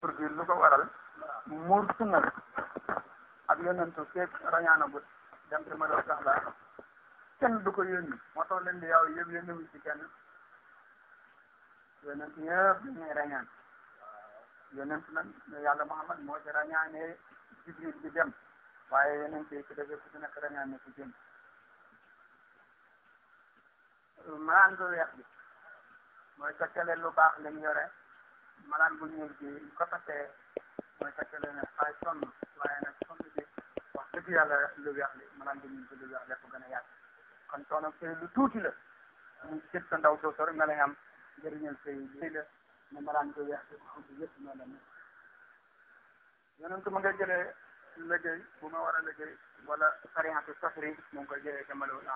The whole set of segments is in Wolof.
pour bi lu ko waral muur sunna ak yonentu feeg rañaana bu dem te ma doon sax la kenn du ko moo tax leen di yow yëpp yónni ci kenn yonent yëpp dañuy rañaan yonent nag yàlla Muhammad moo ci rañaanee Jibril bi dem waaye yonent yi ci dëgg ku ci nekk rañaan ne ku jëm malaan bu weex bi mooy coccale lu baax li mu yore malaan bu ñuul bi ko takkee mooy takkale ne fay sonn waaye nag sonn bi wax dëgg yàlla lu weex li malaan bu ñuul bi lu weex lépp gën a yàgg kon lu tuuti la mu cër sa ndaw soo sore nga lay am njëriñal sëy lii la ne malaan bu weex bi yëpp noonu la nekk yonent ma bu ma war a liggéey wala sariante safri mu ngi koy jëlee ca maloo la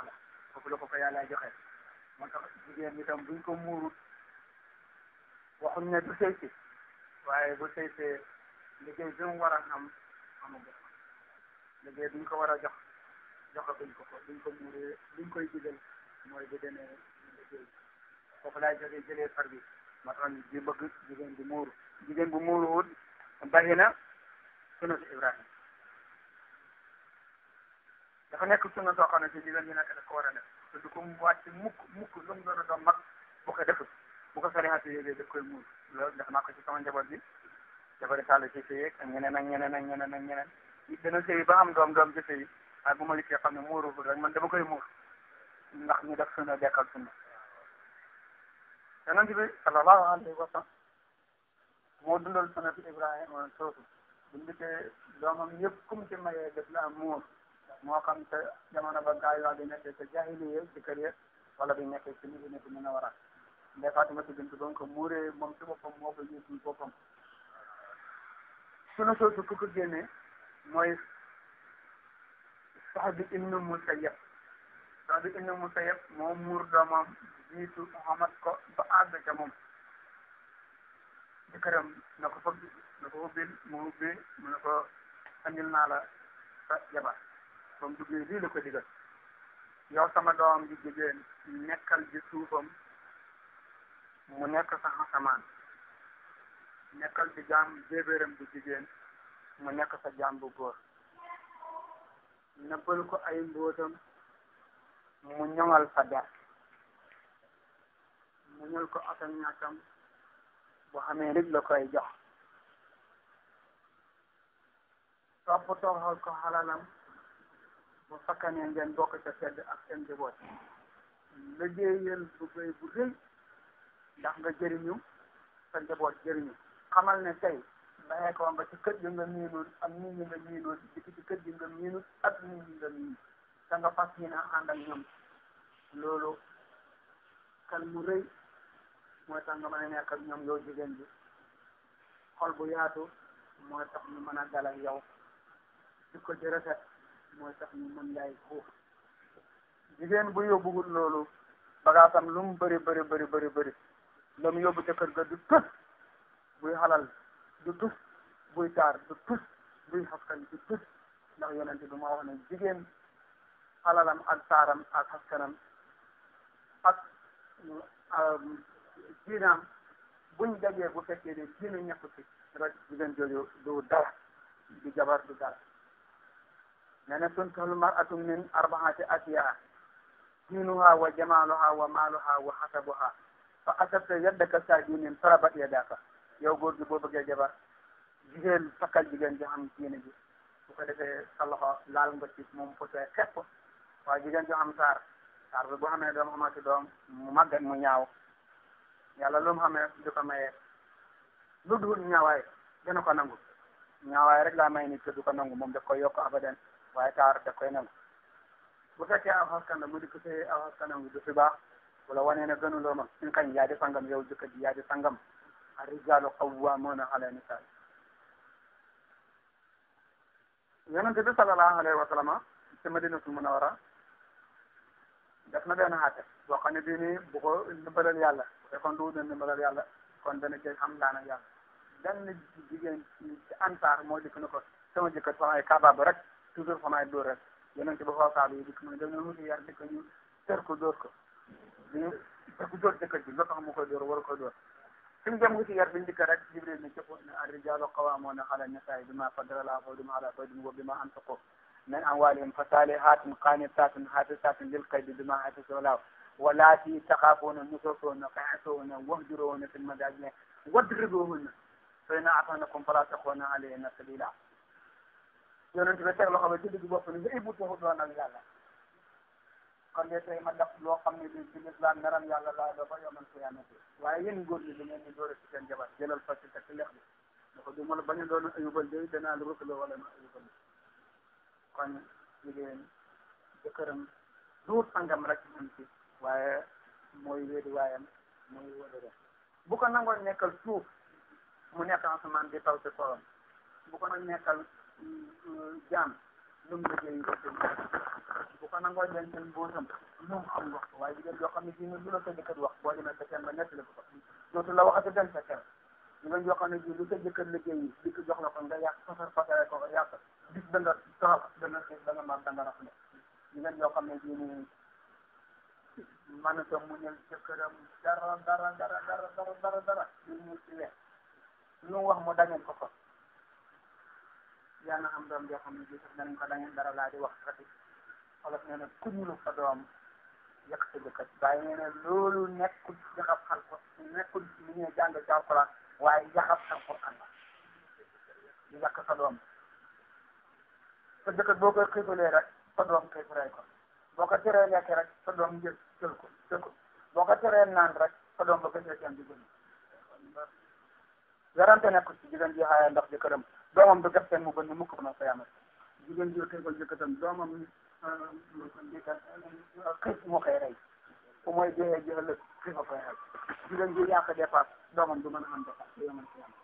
foofu la ko ko yàlla joxe waxuñ ne du sëy waaye bu sëy see liggéey bi mu war a am amu jox liggéey bi ñu ko war a jox jox ko ko ko duñ ko muuree duñ koy digal mooy bu demee liggéey foofu laay jógee jëlee far bi ma tax ñu di bëgg jigéen bu muuru jigéen bu muuruwul bàyyi na sunu si Ibrahima dafa nekk sunu soo xam ne si jigéen ñi nekk da ko war a du ko wàcc mukk mukk lu mu doon a doon mag bu ko defut bu ko sariya si yéegee daf koy muur loolu def naa ko ci sama njaboot bi dafa di sàll ci sëy ak ñeneen ak ñeneen ak ñeneen ak ñeneen nit dana sëy ba am doom doom ci sëy waaye bu ma liggéey xam ne muuru rek man dama koy muur ndax ñu def sunna dekkal sunna yonent bi sallallahu alayhi wa sallam moo dundal sunna fi Ibrahima soosu bu liggéey doomam yëpp kum ci mayee def la am muur moo xam te jamono ba gaa yi waa di nekkee te jaahiliya ci kër ya wala bi nekkee a waral mais Fatimata bintu doon ko muuree moom ci boppam moo ko jiitul boppam sunu soosu ku ko génnee mooy Saxd ibnu Musayyab Saxd ibnu Musayyab moo muur doomam jiitu Muhammad ko ba àgg ca moom jëkkëram na ko fëgg na ko ubbil mu ubbi mu ne ko andil naa la sa jabar ba duggee lii la ko digal yow sama doom ji jigéen nekkal ci suufam mu nekk sax asamaan nekkal ci jaam bébéram bu jigéen mu nekk sa jaam bu góor nëbbal ko ay mbóotam mu ñoŋal sa der mu ñal ko atam ñàkkam bu xamee rek la koy jox topp toxal ko xalalam bu fakkanee ngeen bokk ca sedd ak seen njaboot liggéeyal bu béy bu rëy ndax nga jëriñu sa njaboot jëriñu xamal ne tey bàyyeekoo nga ci kër nga miinul ak ci kër yu nga miinul ak nit ñi nga miinul da nga fas yéene ànd ak ñoom loolu xel mu rëy mooy tax nga mën a nekk ak ñoom yow jigéen bi xol bu yaatu mooy tax mu mën a dal yow jikko ji rafet mooy tax ñu mën lay xuux jigéen bu yóbbuwul loolu bagaasam lu mu bëri bëri bëri bëri bëri la mu yóbbu ca kër ga du tus buy xalal du tus buy taar du tus buy xaskan du tus ndax yonent bi ma wax jigéen xalalam ak taaram ak xaskanam ak diinaam buñ dajee bu fekkee ne diina ñàkk ci rek jigéen jooju du dara du jabar du dara ne ne tunkahul mar'atu min arbaati asiyaa diinuhaa wa jamaaluhaa wa maaluhaa wa xasabuhaa ba fa asabta yaddaka saajunin farabat yadaaka yow góor gi boo bëggee jabar jigéen takkal jigéen joo xam diine ji bu ko defee loxo laal nga ci moom potee xepp waaye jigéen joo xam saar saar bi boo xamee doom amati doom mu màggat mu ñaaw yàlla lu mu xamee du ko mayee lu dul ñaawaay dana ko nangu ñaawaay rek laa may nit te du ko nangu moom daf koy yokk abadan waaye taar de koy nangu bu fekkee aw xas kanam mu di ko see aw xas kanam du fi baax wala wane wanee ne gënuloo ma suñ kañ yaa sangam yow jëkkër ji yaa di sangam a qawwamuna ala nisaa yonente bi sallallahu alayhi wa sallam ci madinatul munawara def na benn xaate boo xam ne bii nii yàlla bu fekkoon du ndimbalal yàlla kon dana cee am laana yàlla benn jigéen ci moo dikk na ko sama jëkkër fa may kabaab rek toujours fa may dóor rek yonente bi xool saabu yi dikk mooy dañoo mujj yar dikk ñu tër ko dóor ko dañu ku jot jëkkër ji lu tax mu koy door war ko door fi mu jëm nga ci yar biñ dikka rek jibril ne cëpp ne arrijaalu qawwaamuuna ala nisaa bimaa faddala Allaahu ba'dahum alaa ba'din wa bimaa anfaquu min amwaalihim fa saalihaatun qaanitaatun haafizaatun lil ghaybi bimaa hafiza Allaahu walaati taxaafuuna nusuusuhunna fa'ansuuhunna wahjuruhunna fil madaaji' wadribuuhunna fa in ata'nakum falaa taxuunna alayhinna sabiilaa yonent bi teg loxo ba ci digg bopp ni nga ibu tuxu doon ak yàlla kon de tey ma def loo xam ne bi ci lislaam meram yàlla laa da ba yoman ko yaamati waaye yéen góor ñi da ngeen di dóore seen jabar jëlal fas ci takk lex bi dafa du ma la bañ a doon ayubal day danaa la rukkaloo wala ma ayubal kon jigéen jëkkëram duut sangam rek am ci waaye mooy wéedu mu mooy wóorere bu ko nangoon nekkal suuf mu nekk asamaan di taw ci kolom bu ko nag nekkal mm, mm, jaam lu mu liggéey nga jëm bu ko nangoo dencal mboosam lu mu xam wax ko waaye jigéen yoo xam ne jii lu la sa jëkkër wax boo demee sa kenn ba nettali ko dootu la waxati dem sa kenn jigéen yoo xam ne jii lu sa jëkkër liggéey yi li ko jox la ko nga yàq fasar fasare ko yàq gis da nga torox da nga xiif da nga mar da nga rafle jigéen yoo xam ne jii nii mënata muñal jëkkëram dara dara dara dara dara dara dara lu mu ci weex lu mu wax mu dañal ko ko yàlla na am doom joo xam ne bii sax danañ dangeen dara laa di wax rati olof nee na kuñulu fa doom yàq sa jëkkër waaye nee loolu nekkul ci yaxab alquran nekkul ci li ñuy jàng ci alquran waaye yaxab alquran la di yàq sa doom sa jëkkër boo koy xiibalee rek sa doom koy ray ko boo ko teree lekk rek sa doom jël ko jël ko boo ko teree naan rek sa doom ba ko jël di gën yarante nekkul ci jigéen ji xaaya ndax jëkkëram doomam du def seen mu bënn mukk na fa yamal jigéen ji tegal jëkkatam doomam xiif ah, moo koy rey bu mooy dee ji ëllëg xiif a koy rey jigéen ji yàq dépasse doomam du mën a am dépasse du yamal fa yamal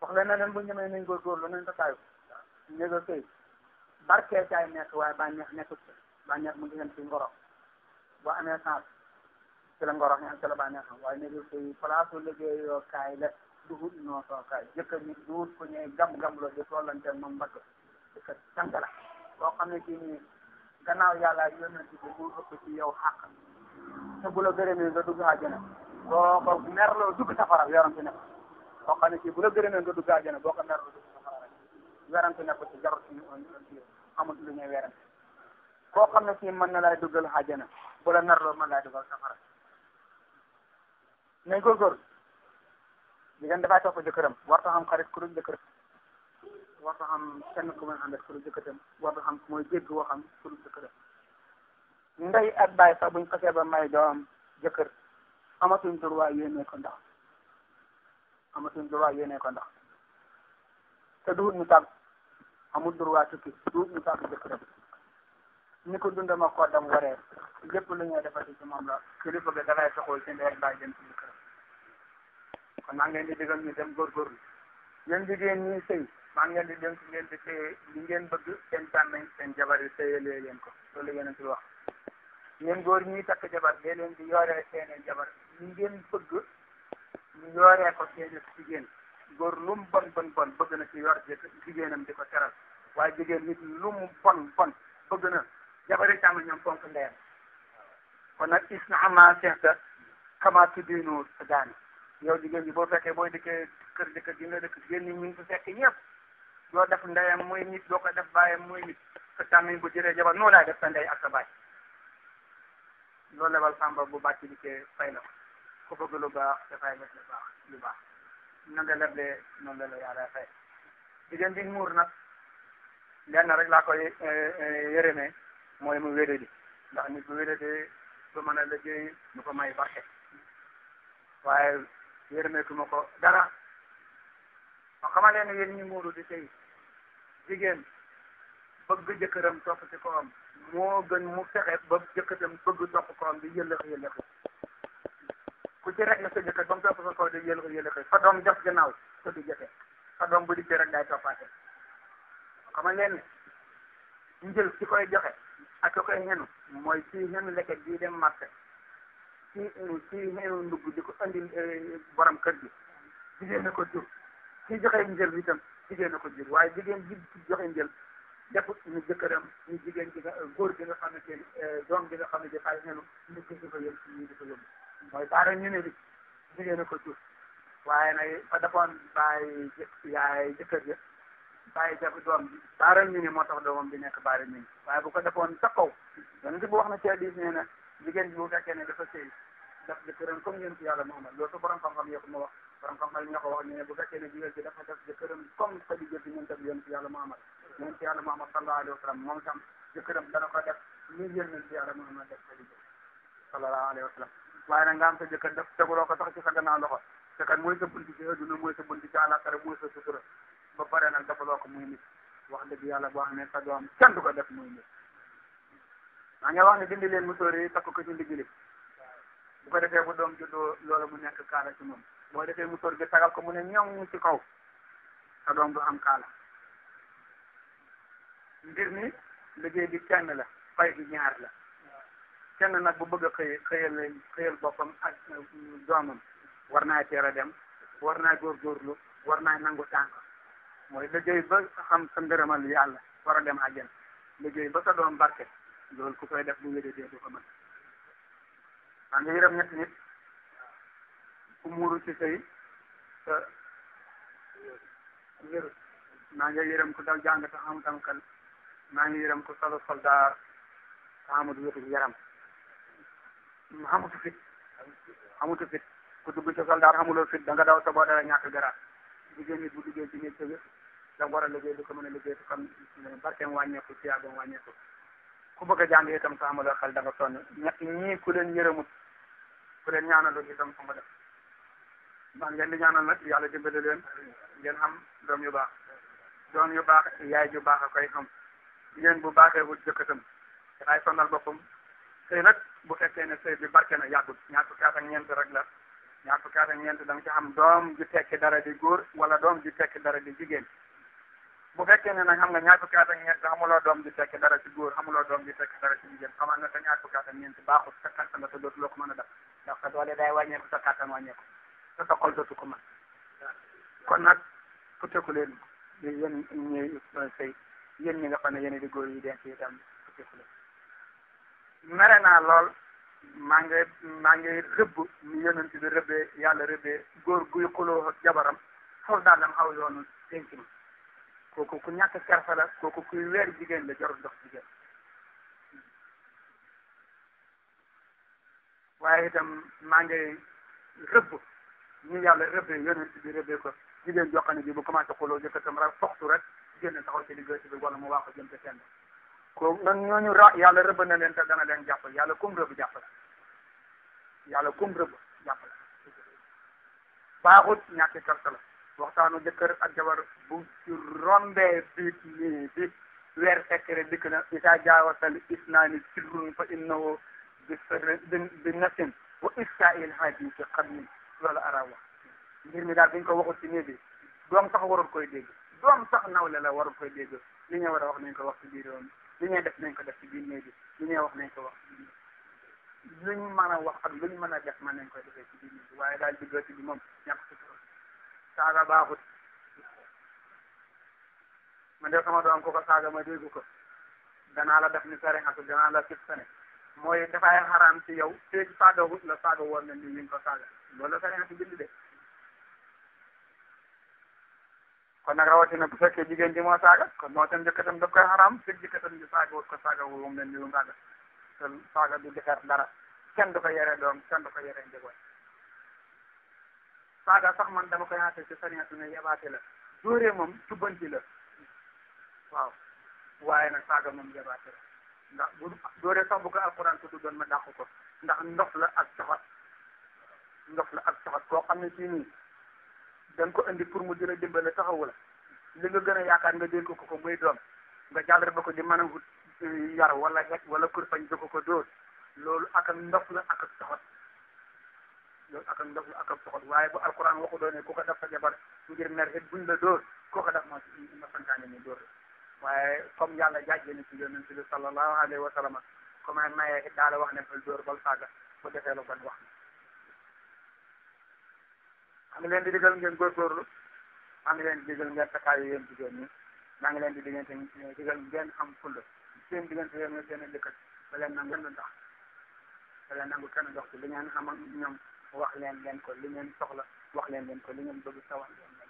wax leen na leen bu ñemee nañ góorgóorlu nañ tataayu néega sëy barkee caay nekk waaye bànneex nekkut bànneex mu ngi leen ci ngoro boo amee chance ci la ngorox ñam ci la bànneex xam waaye ne u liggéeyoo kaay la duhut moom mbagg jëkkër tànk xam ne kii nii gannaaw yàlla yónnent bi mu ëpp ci bu la gërëmee nga dugg àjjana boo ko merloo dugg safara yorante bu la gërëmee nga dugg àjjana boo ko merloo dugg safara rek ko ci jarut ci amul mën na laay duggal àjjana bu la merloo safara nay góorgóorlu jigéen dafay topp jëkkëram warta xam xarit ku dul jëkkër warta xam kenn ku muy àndal ku dul jëkkëram warta xam mooy jégg woo xam ku dul jëkkëram ndey ak baay sax may doom jëkkër amatuñ droit yéenee ko ndax amatuñ droit yéenee ko ndax te duut ñu tàgg amul droit tukki duut ñu tàgg jëkkëram ni ko dundama ko dam waree lépp lu ñuy defati ci moom la kilifa bi dafay soxol ci ndey ak jëkkër kon maa ngi leen di digal ñu dem góorgóorlu ñun jigéen ñi sëy maa ngi leen di dénk ngeen di téye ngeen bëgg seen tànnañ seen jabar yi téyelee leen ko loolu yéen a ci wax ñun takk jabar dee di yooree seeni jabar li ngeen bëgg ñu yooree ko seeni jigéen góor lu mu bon bon bon bëgg na ci yor jigéenam di ko teral waaye jigéen nit lu mu bon bon bëgg na jabari càmm ñoom fonk ndeyam kon nag is na ama seexta kamaatu diinu sa daani yow jigéen bi boo fekkee booy dëkkee kër jëkkër ji na dëkk jigéen ñi ñu ngi fi fekk ñëpp doo def ndeyam mooy nit doo ko def baayam mooy nit sa tàmmiñ bu jëlee jabar moo laa def sa ndey ak sa baay loolu lebal sàmba bu bàcc dikkee fay la ko ku bëgg lu baax dafay def lu baax lu baax na nga leblee noonu la la yàlla fay jigéen bi muur nag lenn rek laa koy eh, eh, yërëmee mooy mu wéde di ndax nit bu wéde de du mën a liggéey du ko may barke waaye yërmeetuma ko dara ma xamal leen ne yéen ñi muuru di sëy jigéen bëgg jëkkëram topp ci kawam moo gën mu fexe ba jëkkëram bëgg topp kawam di yëllëx yëllëx ku ci rek na sa jëkkër ba mu topp sa kaw di yëllëx yëllëx fa doom jox gannaaw ko di jëfe fa doom bu dikkee rek day toppaate ma xamal leen ne njël ci koy joxe ak ko koy xenu mooy ci xenu leket bii dem ci euh, ci meew ndugg di ko andi euh, borom kër gi jigéen na ko jur ci joxe njël bi itam jigéen na ko jur waaye jigéen ji joxe njël jàpp ñu jëkkëram ñu jigéen gi nga euh, góor gi nga xamante ni doom gi nga xam ne dafay nenu nit ki di ko yóbbu si ñii di ko yóbbu mooy baara ñu ne bi jigéen na ko jur waaye nag fa defoon bàyyi yaay jëkkër ja bàyyi jàpp doom bi baara ñu ne moo tax doomam bi nekk baara ñu ne waaye bu ko defoon sa kaw yonent bi wax na ci hadiis nee na jigéen bi bu fekkee ne dafa sëy daf jëkkëram comme yéen ci yàlla Muhammad loolu su borom xam-xam yee ko ma wax borom xam-xam yi ñoo wax ñu ne bu fekkee ne jigéen bi dafa def jëkkëram comme sa jigéen bi ñun tam yéen ci yàlla Muhammad yéen ci Muhammad sallallahu alayhi wa sallam moom tam jëkkëram dana ko def ñu yéen ñun ci yàlla Muhammad def sa jigéen sallallahu alayhi wa sallam waaye nag nga am sa jëkkër daf ko sax ci sa gannaaw loxo te kat mooy sa bunti ci adduna mooy sa bunti loo ko muy nit dëgg yàlla boo xam ne sa doom kenn du ko def maa ngi wax ne dindi leen musóor yi takk ko ci ndigg bu ko defee bu doom juddoo loola mu nekk kaala ci moom boo defee musóor bi tagal ko mu ne ñoom ci kaw sa doom du am kaala mbir mi liggéey bi kenn la fay bi ñaar la kenn nag bu bëgg a xëy xëyal xëyal boppam ak doomam war naa teel dem war naa góorgóorlu war naa nangu tànk mooy liggéey ba xam sa yàlla war a dem àjjana liggéey ba sa doom barke loolu ku koy def bu wéradee du ko mën maa ngi yërëm ñetti ci sëy te maa ngi yërëm ku daw jàng te maa ngi yërëm ku solo soldaar te xamut wétu yaram xamutu fit xamutu fit ku dugg ci soldaar fit da nga daw sa gara dara ñàkk garaat jigéen bu duggee ci nit sa wér da nga war a liggéey du ko mën a liggéey te comme ku bëgg a jàng itam te amuloo xal da nga sonn ñett ñii ku leen yërëmut ku leen ñaanalul itam ku ma def maa ngeen di ñaanal nag yàlla dimbali leen ngeen am doom yu baax doom yu baax yaay ju baax a koy xam ngeen bu baaxee wut jëkkatam dafay sonal boppam sëy nag bu fekkee ne sëy bi barke na yàggut ñaar fukki at ak ñeent rek la ñaar fukki at ak ñeent da ci am doom ju tekki dara di góor wala doom ju tekki dara di jigéen bu fekkee ne na xam nga ñaar fukki at ak ñeent xamuloo doom di fekk dara ci góor xamuloo doom di fekk dara ci jigéen xamal nga te ñaar fukki at ak ñeent baaxul sa kattan la te dootuloo ko mën a def ndax sa doole day wàññeeku sa kattan wàññeeku te sa xol dootu ko mën kon nag futteeku leen yéen ñuy sëy yéen ñi nga xam ne yéen di góor yi denc yi tam futteeku mere naa lool maa ngi maa ngi rëbb ñu yonent bi rëbbee yàlla rëbbee góor guy xuloo jabaram foofu daal dam xaw yoonu denc kooku ku ñàkk kersa la ku kuy weer jigéen la jarul dox jigéen waaye itam maa ngi rëbb ñu yàlla rëbbee yonent bi rëbbee ko jigéen joo xam ne bi bu commencé xuloo jëkkatam rek foxtu rek génn taxaw ci liggéey bi wala mu waa ko jëm ci kenn ko nan ñooñu ra yàlla rëbb na leen te dana leen jàpp yàlla kum rëbb jàpp la yàlla kum rëbb jàpp la baaxut ñàkk kersa la waxtaanu jëkkër ak jabar bu ci rombee biig lii bi weer fekkere dikk na isaa jaawatal isnaani sirrun fa innahu bi bi nafsin wa issaa'il haadi fi qarnin loolu ara wax mbir mi daal bu ñu ko waxul ci nii bi doom sax warul koy dégg doom sax nawle la warul koy dégg li ñuy war a wax nañ ko wax ci biir yoon li ñuy def nañ ko def ci biir néeg bi li ñuy wax nañ ko wax luñ mën a wax ak luñ mën a def man nañ koy defee ci biir néeg waaye daal diggante bi moom ñàkk sutura saaga baaxut ma de sama doom ku ko saaga ma déggu ko danaa la def ni sarixatul danaa la sib sene mooy dafay xaraam ci yow feeg saagagut la saaga woon na ni ñu ko saaga loolu la sarixatu bind de kon nag rawatina bu fekkee jigéen ji moo saaga kon moo tam jëkkatam daf koy xaraam feeg jëkkatam ji saagawut ko saaga woon na ni ñu saaga te saaga du defar dara kenn du ko yore doom kenn du ko saaga sax man dama koy àtte ci sariatu ne yabaate la dóoree moom tubbanti la waaw waaye nag saaga moom yabaate la ndax bu sax bu ko alxuraan tuddu doon ma dàqu ko ndax ndox la ak coxat ndox la ak coxat koo xam ne fii ko indi pour mu dina dimbale taxawu la li nga gën a yaakaar nga dénk ko ko muy doom nga jàllale ba ko di mën a wut eh, yar wala xeet wala kurpañ di ko ko dóor loolu ak ndox la ak coxat loolu ak am ndox la ak am soxal waaye bu alquran waxu doone ku ko def sa jabar ngir mer it buñ la dóor koo ko def moo ci ma santaane ni dóor waaye comme yàlla jaajee na ci yonent bi sallallahu alayhi wa sallam comme ay maye it daal wax ne bal dóor bal saaga bu defee lu bon wax maa ngi leen di digal ngeen góorgóorlu maa ngi leen di digal ngeen takkaayu yéen jigéen ñi maa ngi leen di diggante digal ngeen am fulla seen diggante yéen nga seen a dëkkat ba leen nangu kenn dox ba leen nangu kenn dox ci li ngeen am ak ñoom wax leen leen ko li ngeen soxla wax leen leen ko li ngeen bëgg tawal leen leen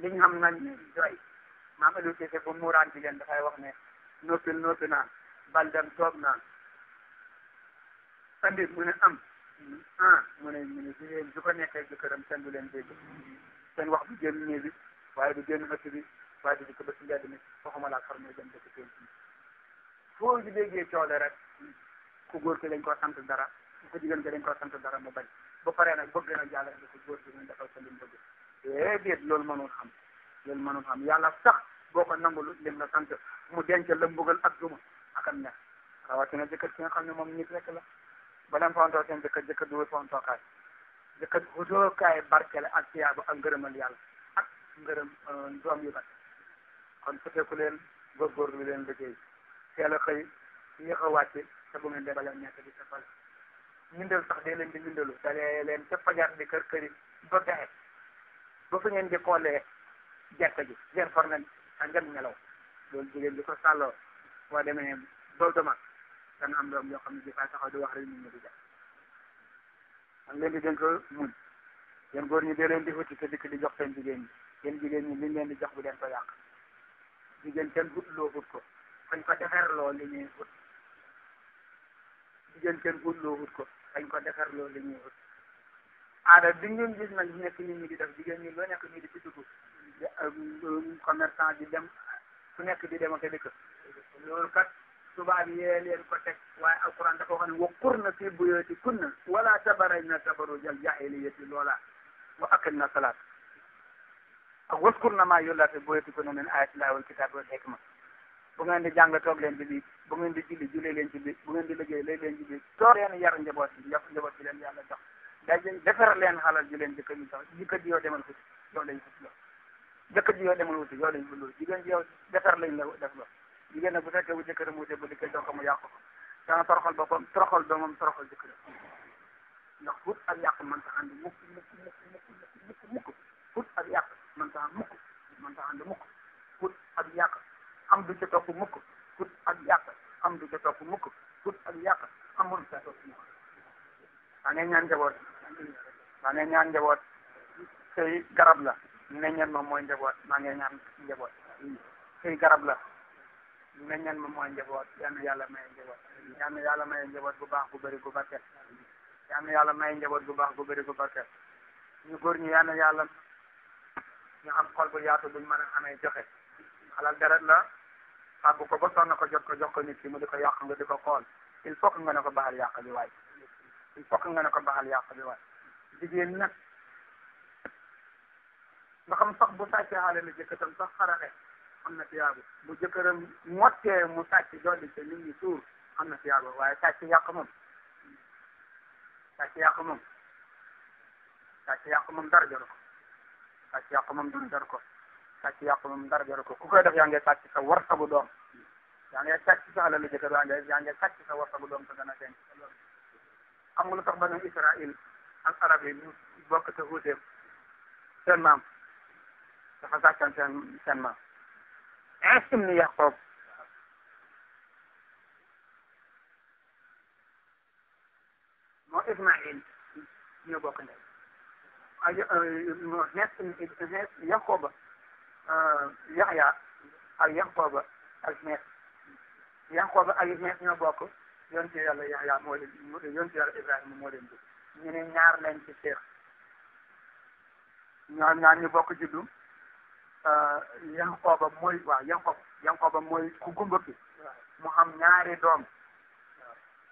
ko liñ xam nañ doy maam Aliou Cissé bu muuraan bi leen dafay wax ne noppil noppi naa bal dem toog naa andi mu ne am ah mu ne mu ne jigéen su ko nekkee jëkkëram kenn du leen dégg seen wax bu génn néeg bi waaye du génn ëtt bi waaye du di ko ba si mi waxuma laa xar mooy dem dëkk pénc foo ji déggee coole rek ku góor ki lañ ko sant dara ki ko jigéen bi dañ ko sant dara mu bañ bu paree nag bëgg na yàlla indi ko góor bi ñu defal ko lim bëgg déedéet loolu mënul xam loolu mënul xam yàlla sax boo ko nangul lim la sant mu denc la mbugal ak duma ak am neex rawatina jëkkër ki nga xam ne moom nit rek la baleen fontoo seen jëkkër jëkkër duwul fontookaay jëkkër wutookaay barke la ak tiyaaba ak ngërëmal yàlla ak ngërëm euh, doom yu bat kon feteeku leen góorgóorlu leen liggéey teel a xëy yéex a wàcce te bu ngeen dee bala ñett di safal mindal sax dee leen di mindalu dalee leen ca fajar di kër këri ba pexe ba fa ngeen di xoolee jàkka ji ngeen for na ngeen nelaw loolu jigéen di ko sàlloo boo demee dool dama dana am doom yoo xam ne di fay taxaw di wax rek nit ñi di def man leen di dénk muñ yéen góor ñi dee leen di wuti te dikk di jox seen jigéen ñi yéen jigéen ñi liñ leen di jox bu leen ko yàq jigéen kenn wut loo wut ko fañ ko deferloo li ñuy wut jël cër buñ loo wut ko dañ ko defar loolu la ñuy wut aada bi ngeen gis nag nekk nit ñi di def jigéen ñi loo nekk ñu di ci dugg euh, euh, commerçant di dem ku nekk di dem ak dëkk loolu kat tubaab yee leen ko teg waaye alquran dafa wax ne wa qurna fi buyooti kunna wala tabarajna tabarujal jahiliyati loola wa aqimna salaat ak waskurna maa yullaa fi buyooti kunna min ayatillahi wal kitabi wal hikma bu ngeen di jàng toog leen di lii bu ngeen di julli jullee leen ci biir bu ngeen di liggéey léeg leen ci biir soo leen yar njaboot bi yar njaboot bi leen yàlla jox day defar leen xalal ju leen jëkkër ji jox jëkkër ji yow demal ko yow lañ ko lool jëkkër ji yow demal wuti yow lañ ko lool jigéen ji yow defar lañ la def lool jigéen nag bu fekkee bu jëkkëram wute bu dikkee jox ko mu yàq ko dana toroxal boppam toroxal doomam toroxal jëkkëram ndax fut ak yàq mën ta ànd mukk mukk mukk mukk mukk fut ak yàq mën ta ànd mukk mën ta ànd mukk fut ak yàq am du ci topp mukk put ak yàq am du ca topp mukk put ak yàq am mënu ca topp mukk maa ngi ñaan njaboot maa ngi ñaan njaboot sëy garab la meññeen moom mooy njaboot maa ngi ñaan njaboot sëy garab la meññeen moom mooy njaboot yal na yàlla may njaboot yàlla may njaboot bu baax bu bëri bu barkeel yal yàlla may njaboot bu baax bu bari bu barkeel ñu góor ñi yal na yàlla ñu am xol bu yaatu buñ mën a amee joxe alal deret la tàggu ko ba sonn ko jot ko jox ko nit ki mu di ko yàq nga di ko xool il faut que nga ne ko baal yàq bi waay il faut nga ne ko baal yàq bi waay jigéen nag nga xam sax bu sàccee alal jëkkëram sax xaraxe am na tiyaabu bu jëkkëram mottee mu sàcc dolli te nit ñi suur am na tiyaabu waaye sàcc yàq moom sàcc yàq moom sàcc yàq moom dar jar ko sàcc yàq moom dara jar ko sàcc yàqu moom dara jaru ko ku koy def yaa ngi sàcc sa war sagu doom yaa ngi sàcc sa alalu jëkkër yaa ngi yaa ngi sàcc sa war sagu doom te dana denc xam nga lu tax banu Israël ak arab yi ñu bokk te wuuteem seen maam dafa sàccan seen seen maam insim ni Yaqoob moo Ismaïl ñoo bokk ndey ay nekk Yaqooba Euh, yaxya ak yanqooba ak mees yanqooba ak mees ñoo bokk yonte yàlla yaxya moo leen yonte yàlla ibrahima moo leen jur ñu ne ñaar lañ ci seex ñoom ñaar ñu bokk juddu euh, yanqooba mooy waaw yanqooba yanqooba mooy ku gumba ki mu xam ñaari doom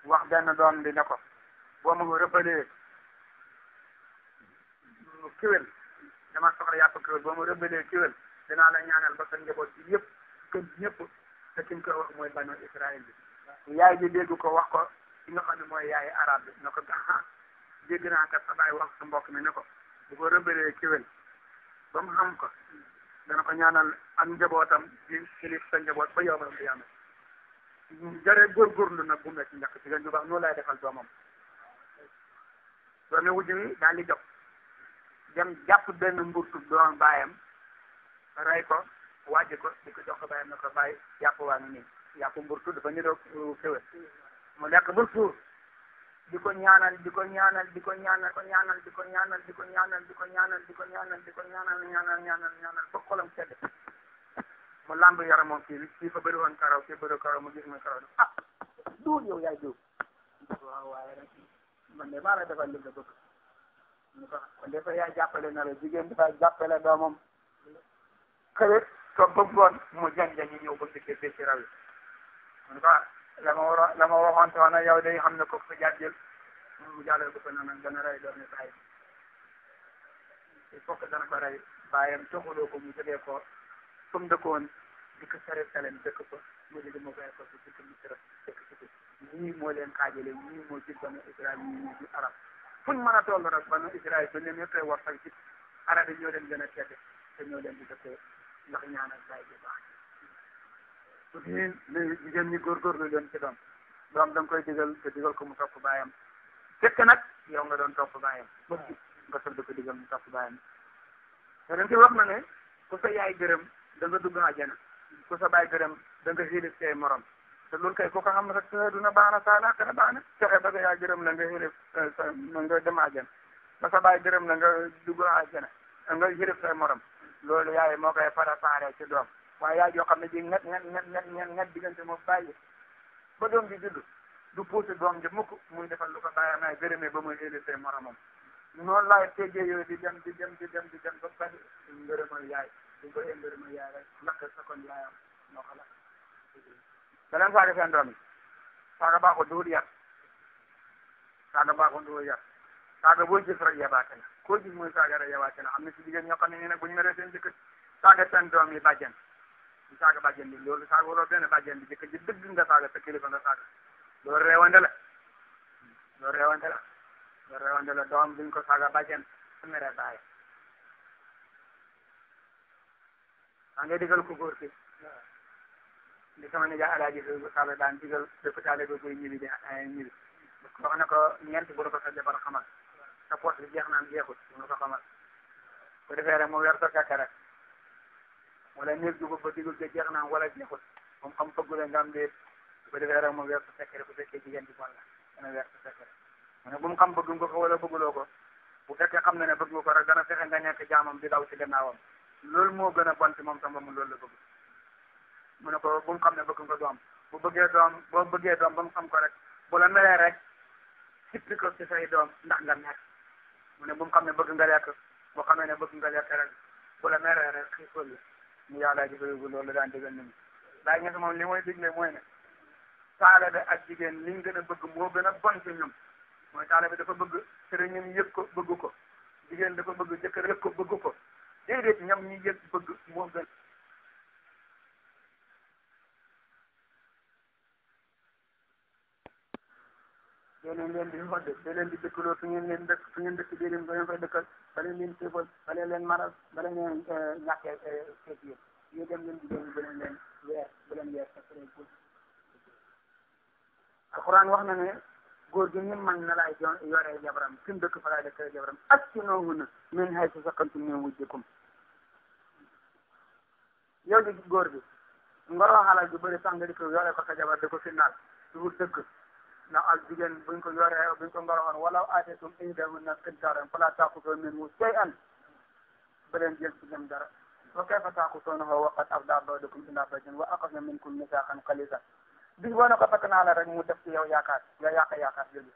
wax benn doom bi ne ko boo ma rëbbalee kiwél dama soxla yàpp kiwél boo ma rëbbalee kiwél dinaa la ñaanal ba sa njaboot bi yëpp gën ñëpp te ki mu koy wax mooy banu Israël bi yaay bi dégg ko wax ko ki nga xam ne mooy yaay arab bi na ko gaa dégg naa kat sa baay wax sa mbokk mi ne ko bu ko rëbëree kiwel ba mu xam ko dana ko ñaanal am njabootam di kilif sa njaboot ba yow am xiyaama jare góorgóorlu nag bu metti ñàkk jigéen ñu baax noonu lay defal doomam doone wujj wi daal di jox dem jàpp benn mburtu doon baayam ray ko wàjj ko di ko jox ko bàyyi na ko bàyyi yàpp waa ngi nii yàpp mbur fa niroog séwél mu lekk ba suur di ko ñaanal di ko ñaanal di ko ñaanal ko ñaanal di ko ñaanal di ko ñaanal di ko ñaanal di ko ñaanal di ko ñaanal ñaanal ñaanal ñaanal ba xolam sedd mu làmb yaram moom fii fii fa bëri woon karaw fii bëri mu gis ma karaw ah duur yow yaay duur waaw waaye rek man de maa la defal li nga bëgg ñu ko kon defa yaay jàppale na la jigéen dafa jàppale xëy toog ba ngoon mu janjangi ñëw ba fekkee fee ci raw yi en tout la ma waroon la yow day xam ne ko fa jàjjël mu jàllale ko fa noonu dana rey doomi bàyyi il faut dana ko rey bàyyam toxuloo mu jógee ko fa mu dëkkoon di ko sare talen dëkk ko mu jóge mu bàyyi ko dëkk misra dëkk si moo leen xaajale ñii moo jël banu israël ñii ñii ci arab fu ñu mën a toll rek banu israël ba leen yëppee war sax ci arab yi ñoo leen gën a tedd te ñoo leen di dëkkee ndax ñaanal bàyyi bi baax su dee léegi jigéen ñi góorgóorlu leen ci doom doom da nga koy digal te digal ko mu topp baayam fekk nag yow nga doon topp baayam ba nga soog ko digal mu topp baayam te dañ ci wax na ne ku sa yaay gërëm da nga dugg àjjana ku sa baay gërëm da nga xilif say morom te loolu kay ku ko xam rek sa duna baax na saa laata baax na ba sa yaay gërëm la nga xilif euh, sa nga dem àjjana ba sa baay gërëm la nga dugg àjjana nga xilif say morom loolu yaay moo koy farataale ci doom waaye yaay yoo xam ne ji nget nget nget nget nget nget diggante moo bàyyi ba doom bi judd du puusi doom ji mukk muy defal lu ko bàyyi may gërëmee ba muy élité moromam noonu laay tegee yooyu di dem di dem di dem di dem ba bari ngërëmal yaay bu ko ngërëmal yaay rek lakk sa kon yaayam moo ko lakk beneen saaga seen doom yi saaga baaxul duwul yar saaga baaxul duwul yar saaga boo gis rek yabaate la koji moy sagara yawacana am na si jigéen ñoo xam ne ñu nag bu ñu meree seen jëkkër saaga seen doom yi bàjjen ñu saaga bàjjen bi loolu saaga waroo benn bàjjen bi jëkkër ji dëgg nga saaga sa kilifa nga saaga loolu reewande la loolu reewande la loolu reewande la doom duñ ko saaga bàjjen su meree bàyyi maa ngi digal ko góor ki li sama nijaay alaaji fi sala daan digal dëpp taale ba buy ñibi di ñibi ko wax ne ko ñeent bu ko sa jabar xamal sa poos bi jeex naan jeexut munu ko xamal bu defee rek mu weer sa kàkka rek wala néeg dugub ba digul ga jeex naa wala jeexut moom xam fëggule nga am déet bu defee rek mu weer sa sekkere bu fekkee jigéen ji bon la dana weer sa sekkere mu ne bu mu xam bëgg nga ko wala bëgguloo ko bu fekkee xam na ne bëgg nga ko rek dana fexe nga nekk jaamam di daw naa gannaawam loolu moo gën a bonti moom sama mu loolu la bëgg mu ne ko bu mu xam ne bëgg nga doom bu bëggee doom boo bëggee doom ba mu ko rek bu la melee rek sippi ko ci say doom ndax nga nekk mu ne bu mu xam ne bëgg nga lekk boo xamee ne bëgg nga lekk rek bu la meree rek xiifal la mu yàlla ji bëriwul loolu daan digal nit ñi laaj nga moom li mooy digle mooy ne taalibe ak jigéen liñ gën a bëgg moo gën a bon ci ñoom mooy taalibe dafa bëgg sëriñam yëg ko bëgg ko jigéen dafa bëgg jëkkër yëg ko bëgg ko déedéet ñam ñi yëg bëgg moo gën dee leen leen di xodd dee leen di dëkkaloo fu ngeen leen dëkk fu ngeen dëkk dee leen ba ngeen fay dëkkal bala leen séefal bala leen maral bala ngeen eh, ñàkkee eh, seet yéen yéen dem leen jigéen ñi ba leen leen weer ba leen weer parce que alxuraan wax na ne góor gi ñun man na laay yoree jabaram fi mu dëkk fa laay dëkkale jabaram ak ci noohu na min hay sa saqantum min wujjikum yow di góor gi ngoroo xalal ju bëri sax nga di ko yoree ko sa jabar di ko fi naal du dëkk ndax ak jigéen buñ ko yoree buñ ko ngoroxoon walaw aatatum ihdahunna qintaaran fala taaxuduuhu minhu shay'an ba leen jël ci ñoom dara wa kayfa taaxuduunahu wa qad afdaa ba'dukum ilaa ba'din wa axadna minkum miisaaqan ghaliizan bis boo ne ko takk naa la rek mu def ci yow yaakaar nga yàq yaakaar jëli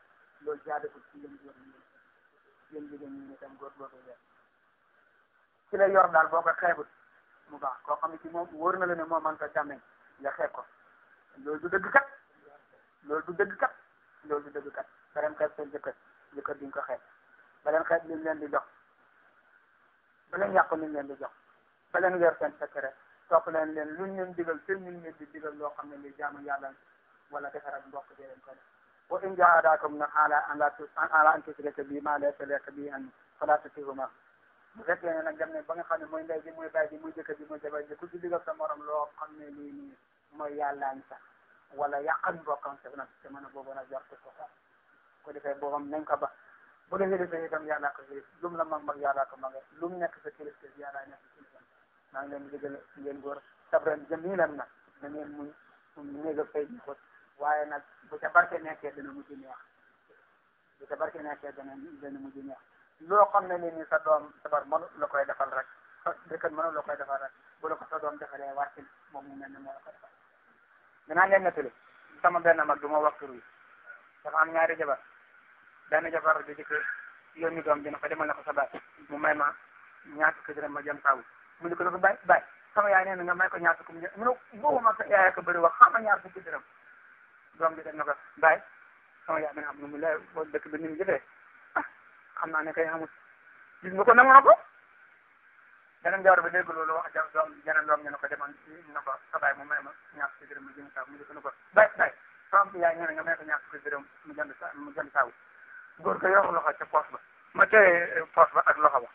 loolu jaadagul ci yéen góor ñi yéen jigéen ñi itam góorgóorlu leen yor daal boo ko xeebut mu baax ko xam ne ci moom wóor la ne moo mën ko jàmmeñ nga xeeb ko loolu du dëgg kat du dëgg kat لول دي دغ كات بارام كات سن جكات جكات دي نكو خيب بالان خيب ليم لين دي جوخ بالان ياكو ليم لين دي جوخ بالان وير سن سكر توك لين لين لون نيم ديغال سن نيم دي ديغال لو خامي لي جامو يالا ولا كفر اك بوك دي لين كو و ان جاءاتكم من حالا ان لا تسان على ان تسلك بما لا تسلك بي ان فلا تسيهما rek ñu nak dem ne ba nga xamne moy ndey bi moy bay bi moy jëkë bi wala yàqal mbokkam te nag jamono boobu nag jartu ko sax ko defee boobam nañ ko ba bu defee defee itam yàllaa ko kilif lu mu la mag mag yàllaa ko mag lu mu nekk sa kilif te yàllaa nekk kilifam maa ngi leen di digal ngeen góor sabran jamilan na ngeen muy mu néega fay ñu ko waaye nag bu ca barke nekkee dana mujj neex bu ca barke nekkee dana dana mujj neex loo xam ne ni sa doom sabar mënu la koy defal rek dëkkan mënu la koy defal rek bu la ko sa doom defalee wàccil moom mu mel ne moo la ko defal danaa leen nettali sama benn mag du ma wax tur bi dafa am ñaari jabar benn jabar di jëkk yónni doom dina ko demal na ko sa mu may ma ñaar fukki dërëm ma jëm saabu mu ne ko dafa bàyyi bàyyi sama yaay nee na nga may ko ñaar fukki mu ne boobu ma sa yaay ko wax xam nga ñaar fukki dërëm doom bi dem na ko bàyyi sama yaay bi nga xam ne mu lay dëkk bi ni mu jëfee ah xam naa ne kay xamul gis nga ko nangu na beneen jawar bi dégg loolu wax jam doom jeneen doom ñu ne ko demoon na ko sa baay mu may ma na ko bay bay soom bi yaay ne nga may ko ñaar si dërëm mu jënd sa mu jënd saabu góor ko loxo ca poos ba ma teye poos ba ak loxo ba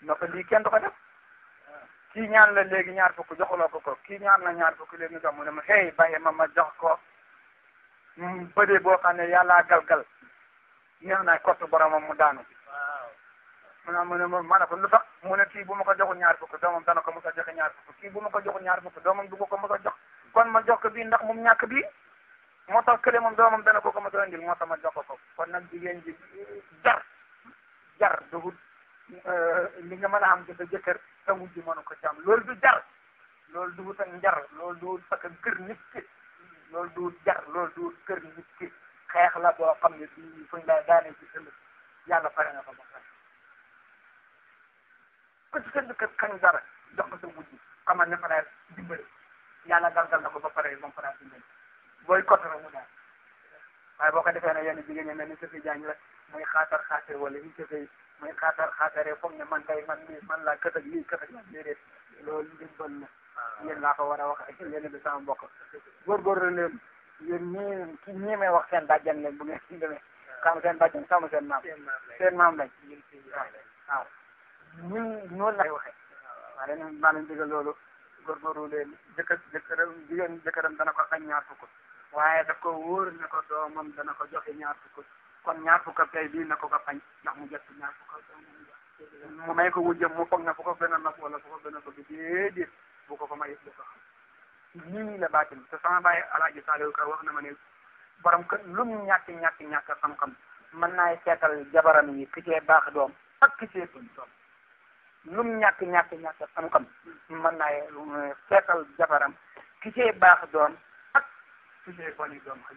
na ko lii kenn du ko def kii ñaan la léegi ñaar fukk joxuloo ko ko kii ñaan la ñaar fukk léegi jox mu ma hey bàyyi ma ma jox ko mm, bëree boo xam ne yàllaa galgal neex naa kott boromam mu daanu mu ne mu ne ma ne ko lu tax mu ne kii bu ma ko joxul ñaar fukk doomam dana ko mos a joxe ñaar fukk kii bu ma ko joxul ñaar fukk doomam du ko ko mos a jox kon ma jox ko bii ndax moom ñàkk bii moo tax kële moom doomam dana ko ko mos a indil moo tax ma jox ko ko kon nag jigéen ji jar jar dugub euh, li nga mën a am ci sa jëkkër sa wujj mënu ko ci am loolu du jar loolu du sa njar loolu du sa kër nit ki loolu du jar loolu du kër nit la boo xam ne bii fuñ lay daanee ci ëllëg yàlla pare na ko ba ku ci seen kër xanu dara jox ko sa wujj xamal ne faraay dimbali yàlla galgal na ko ba pare moom faraay dimbali booy kotara boo ko defee ne yenn jigéen ñi mel ni Sophie Diagne la muy xaatar xaatar wala li Sophie muy xaatar xaataree foog ne man day man lii man laa kët ak lii kët ak laa déedéet loolu liñ bon na yéen laa ko war a wax ak yéen bi sama mbokk góorgóorlu leen yéen ñii ki ñii wax sen bàjjan leen bu ngeen demee xam ah. seen bàjjan sama seen ñun noonu lay waxee maa leen maa loolu góorgóorlu leen jëkkër jëkkëram jigéen dana ko xañ ñaar ko waaye daf ko wóor ne ko doomam dana ko joxe ñaar ko kon ñaar fukk ak tey bii na ko ko xañ ndax mu jot ñaar fukk mu may ko wujjam mu foog na fu ko gën a nopp wala ko gën a bëgg déedéet bu ko fa may yëpp ko xam lii la baatin te sama bàyyi alaaji Saliou Ka wax na ma ne borom kër lu mu ñàkk ñàkk ñàkk xam-xam mën naay seetal jabaram yi ki baax doom ak ki cee lum ñàkk ñàkk ñàkk xam-xam mën naa feetal euh, jabaram ki see baax doom ak ki see boni doom xëy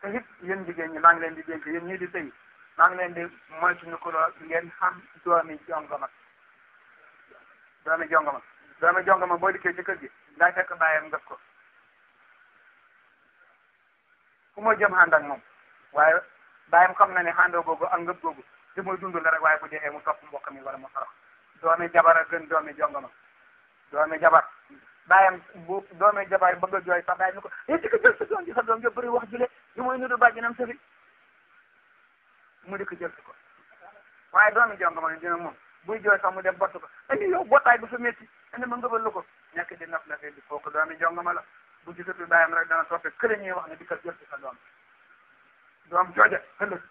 te it yéen jigéen ñi maa ngi leen di dénk yéen ñii di sëy maa ngi leen di moytu ñu ko lool ngeen xam doomi jongoma doomi jongoma doomi jongoma boo dikkee ci kër gi daa fekk bàyyam ngëf ko kuma ma jëm ànd ak moom waaye bàyyam xam na ne àndoo googu ak ngëf googu te mooy dund la rek waaye bu jeexee mu topp mbokk mi wala mu sorox doomi jabar a gën doomi jongama doomi jabar bàyyam bu doomi jabar a jooy sax bàyyi ni ko yéen eh, di ko jël sa doom ji sa doom jo bëri wax jule li mooy nudu bàjjinam safi mu di ko jël si ko waaye doomi jongama ne dina moom buy dem bott ko andi eh, yow bottaay bu fa métti andi eh, ma ngëbal lu ko nekk di naf nafee di kooku doomi jongama la bu gisatul bàyyam rek dana toppe ñuy wax ne di ko jël si sa doom doom jooja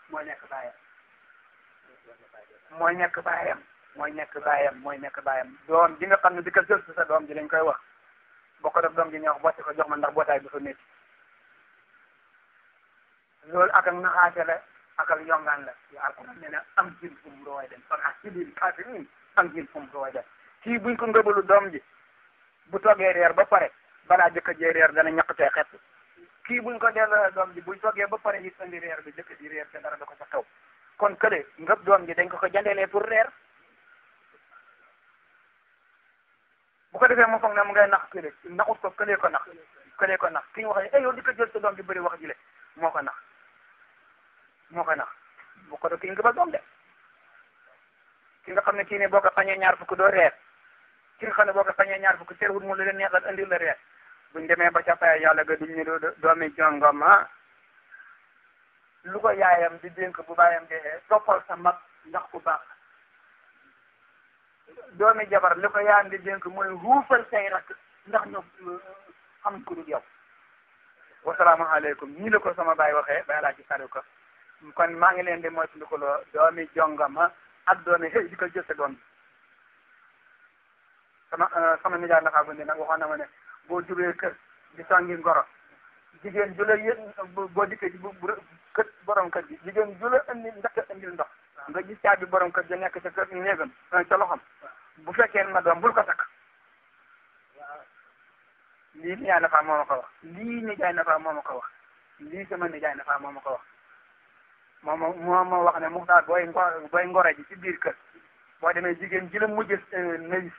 mooy nekk bàyyam mooy nekk baayam mooy nekk baayam mooy nekk baayam doom ji nga xam ne di ko jël si sa doom ji lañ koy wax boo ko def doom ji ñëw bocc ko jox ma ndax bootaay bu fa métti loolu ak ak naxaate la ak ak yongaan la yo alquran am jil fum rooy den kon ak silil kafirin am kii buñ ko ngëbalu doom ji bu toggee reer ba pare balaa jëkk jee reer dana ñaqtee xett kii buñ ko delloo doom ji buñ toggee ba pare it andi reer bi jëkk ji reer te dara da ko sa xew kon kële ngëp doom ji dañ ko ko jandeelee pour reer bu ko defee mu foog ne mu ngay nax kële naxut ko kële ko nax këlee ko nax ki ñu wax ne eh yow di ko jël sa doom ji bëri wax ji le moo ko nax moo ko nax bu ko def ki ngëbal doom de ki nga xam ne kii ne boo ko xañee ñaar fukk doo reer ki nga xam ne boo xañee ñaar fukk teewul mu lu leen neexal indil la reer buñ demee ba ca paya yàlla ga duñ ñu doome jongoma lu ko yaayam di dénk bu baayam dee toppal ndax ku baax doomi jabar li ko yaayam di dénk mooy ruufal say rakk ndax ñu euh, xam ku dul yow wasalaamu aleykum ñii la ko sama baay waxee ba kon maa ngi leen di moytandiku loo doomi jongama ak doomi xëy di ko jël sa doom sama euh, sama nijaay ndax bu ne nag waxoon na ma ne boo jubee kër di sangi ngoro jigéen ju la yë boo dikkee bu kët borom kër gi jigéen ju la indi njëkk a indil ndox nga gis caabi borom kër gi nekk ca kër néegam euh, ca loxam bu fekkee na doom bul ko takk lii nijaay Nafa moo ma ko wax lii nijaay Nafa moo ma ko wax lii sama nijaay Nafa moo ma ko wax moo ma moo ma wax ne Muxtaar booy ngo booy ngoro ji ci biir kër boo demee jigéen ji la mujj euh,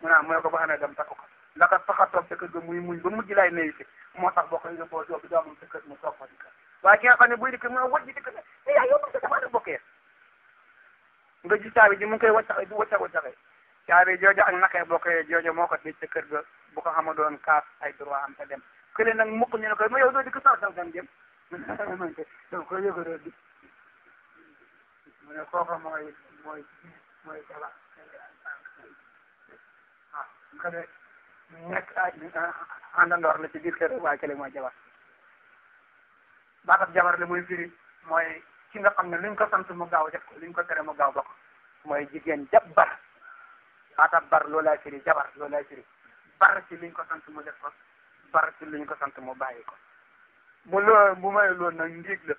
mu naa ah, mu ne ko ba xamee dem takk ko la ko tax a toog sa kër ga muy muñ ba mujj laay nayu si moo tax boo ko yóbboo doomu sa mu toog ko waa ki nga ne buy dikk moo wàññi dikk na mais eh, yaa yow moom sa dafa la bokkee nga gis caabi ji mu ngi koy waccaxe di waccax waccaxe caabi joojo ak naqee bokkee joojo moo ko tëj sa kër ga bu ko xama doon kaas ay droit am te dem kële nag mukk ñu ne na ma yow doo dikk sax sax dem jëm man donc ko yëga doo di mu ne kooku mooy mooy mooy jala ah kële nekk ah, àndandoor la ci biir kër waaye kële mooy jabar baatab jabar li muy firi mooy ki nga xam ne luñ ko sant mu gaaw def ko luñ ko tere mu gaaw bokk mooy jigéen jabar baatab bar loolaay firi jabar loolaay firi bar ci liñ ko sant mu def ko bar ci luñ ko sant mu bàyyi ko mu loo mu may loolu nag ndiig la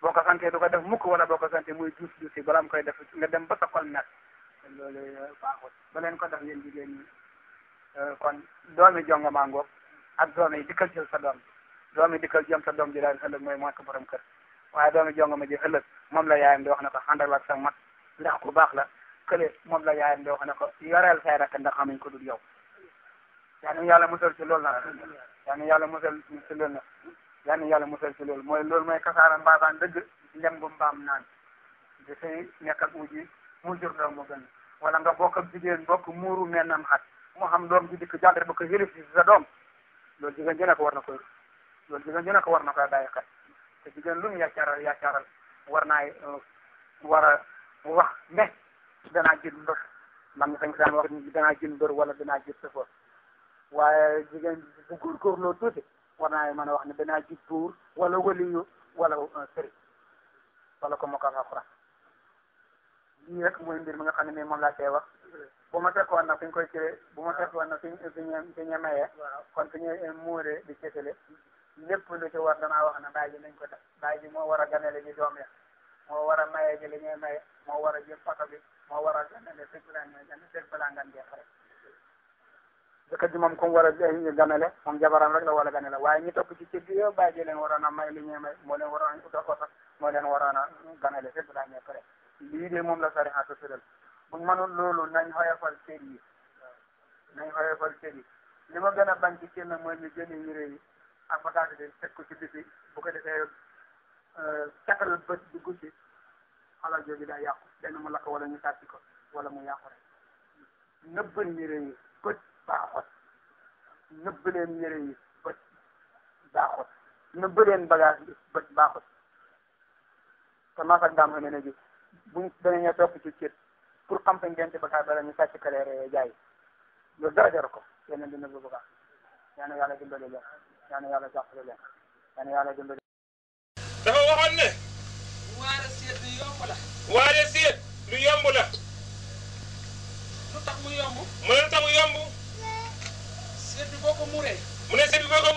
boo ko santee du ko def mukk wala boo ko santee muy duus duus yi balaa mu koy def nga dem ba sa xol nag loolu euh, baaxul ba ko def yéen jigéen euh, kon doomi jonga maa ngoog ak doom yi dikkal jël sa doom doomi dikkal jom sa doom ji daal ëllëg mooy moo ko kër waaye doomi jongo ma ëllëg moom la yaayam di wax ne ko àndal ak sa mat ndax ku baax la kële moom la yaayam di wax ne ko yoreel say rakk ndax xamuñ ko dul yow yaa ni yàlla musal ci loolu nag yaa ni yàlla musal ci loolu nag yaa ni yàlla musal ci loolu mooy loolu mooy kasaara mbaabaan dëgg ndem bu mbaam naan di say nekk mu jur doom bu gën wala nga bokk ak jigéen bokk muuru mennam xat moo xam doom ji dikk jàngre ba ko yëlif si sa doom loolu jigéen ji loolu jigéen dina ko war na koy bàyyi xel te jigéen lu mu yàccaaral yàccaaral war naay uh, war a wax ne danaa jël mbër man sañ daan wax ni danaa jël mbër wala danaa jël sëfoor waaye jigéen bu góorgóorloo tuuti war naa mën a wax ni danaa jël buur wala waliyu wala uh, sëriñ wala ko mokkal alxuraan lii rek mooy mbir mi nga xam ne nii moom laa see wax bu ma fekkoon nag fi ñu koy cëree bu ma fekkoon nag fi ñu fi ñu mayee kon fi ñu eh, muuree di cësale lépp lu ci war danaa wax na baay ji nañ ko def baay ji moo war a ganale ji doom ya moo war a maye ji li ñuy maye moo war a jël photo bi moo war a ganale sëñ bi laa ñuy ganale sëñ bi laa ngan jeex rek jëkkër moom ku mu war a ganale jabaram rek la war a waaye ñu topp ci cër gi yow baay ji leen waroon a may li ñuy may moo leen waroon a utal moo leen waroon a ganale sëñ bi laa ñuy pare lii de moom la sarixa tëral buñ mënul loolu nañ xoyofal cër yi nañ xoyofal cër yi li ma gën a bañ ci ñu génne yi ak bagage bi teg ko ci biti bu ko defee catal euh, bët du guddi alal jooju day yàqu benn mu lakk wala ñu sàcc ko wala mu yàqu rek nëbbal yére yi bët baaxut nëbbaleen yére yi bët baaxut nëbbaleen bagage bi bët baaxut te maa fag daam xamee ne bi buñ danañu topp ci cër pour xam fañ dente bagage bala ñu sàcc kaleere jaay loolu dara jar ko yeneen di nëbb bagage yaa na yàlla dimbali jar yaa a yàlla jàppale leen yaa na lu yomb la waare seet lu yomb lu tax mu yomb mu tax mu yomb seet bi boo ko muuree mu ne seet bi boo ko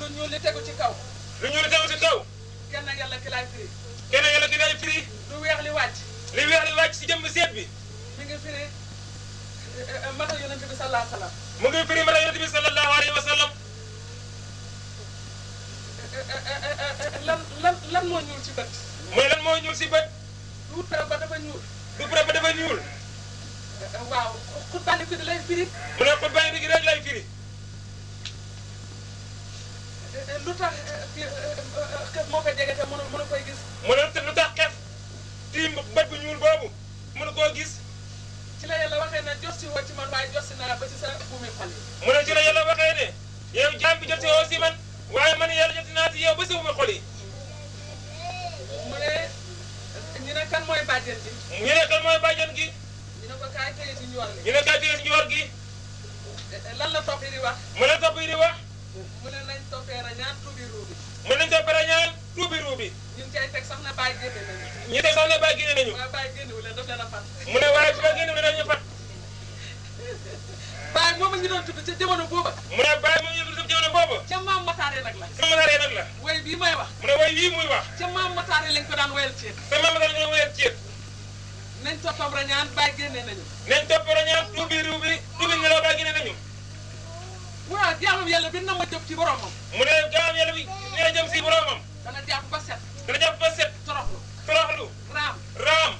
lu ñuul ci kaw lu ñuul li tegu ci kaw kenn yàlla ki laay firi kenn yàlla ki laay firi lu weex li wàcc li weex li wàcc si jëmm seet bi mi ngi mata yonent bi sallallahu alayhi wa sallam mu ngi firi mata yonent bi sallallahu alayhi wa lan lan lan moo ñuul ci bët mooy lan moo ñuul ci bët du përëb ba dafa ñuul du përëb ba dafa ñuul waaw xutbaani bi lay firi mu ne xutbaani bi rek lay firi luta tax xef moo koy jege te mënu mënu gis mu ne lu tax xef tiim bët bu ñuul boobu mënu koo gis ci la waxee ne jot si woo ci man waaye jot si naa ba ci sa buumi xol yi mu ne ci la yàlla waxee ne yow jaam bi jot si woo si man waaye man yàlla jot naa si yow ba si buumi xol yi mu ne ñu ne kan mooy bàjjen gi ñu ne kan mooy bàjjen gi ñu ne ko kaay téye si njoor gi ñu ne kaay téye si njoor gi lan la topp yi di wax mu ne topp yi di wax mu ne nañ toppee rañaan tuubi ruubi mu ne nañ toppee rañaan tuubi ruubi ñu ngi cay teg sax na bàyyi génne nañu ñu teg sax na bàyyi génne nañu waaye bàyyi génne wu leen daf leen a fat mu ne waaye su bàyyi génne wu leen dañu fat Baye moom ngi doon tudd ca jamono booba. mu ne Baye moom ngi doon tudd ca jamono booba. ca maam Mataare nag la. ca maam Mataare nag la. way bii may wax. mu ne way bii muy wax. ca maam Mataare lañ ko daan wéyal ceeb. ca maam Mataare lañ ko wéyal ceeb. nañ toppam rañaan Baye génnee nañu. nañ toppam rañaan tuubi ruubi tuubi ngelaw Baye génnee nañu. waaw jaamam yàlla bi na ma jëm ci boromam. mu ne jaamam yàlla bi nee jëm si boromam. dana jàpp ba set. dana jàpp ba set. toroxlu toroxlu. raam raam.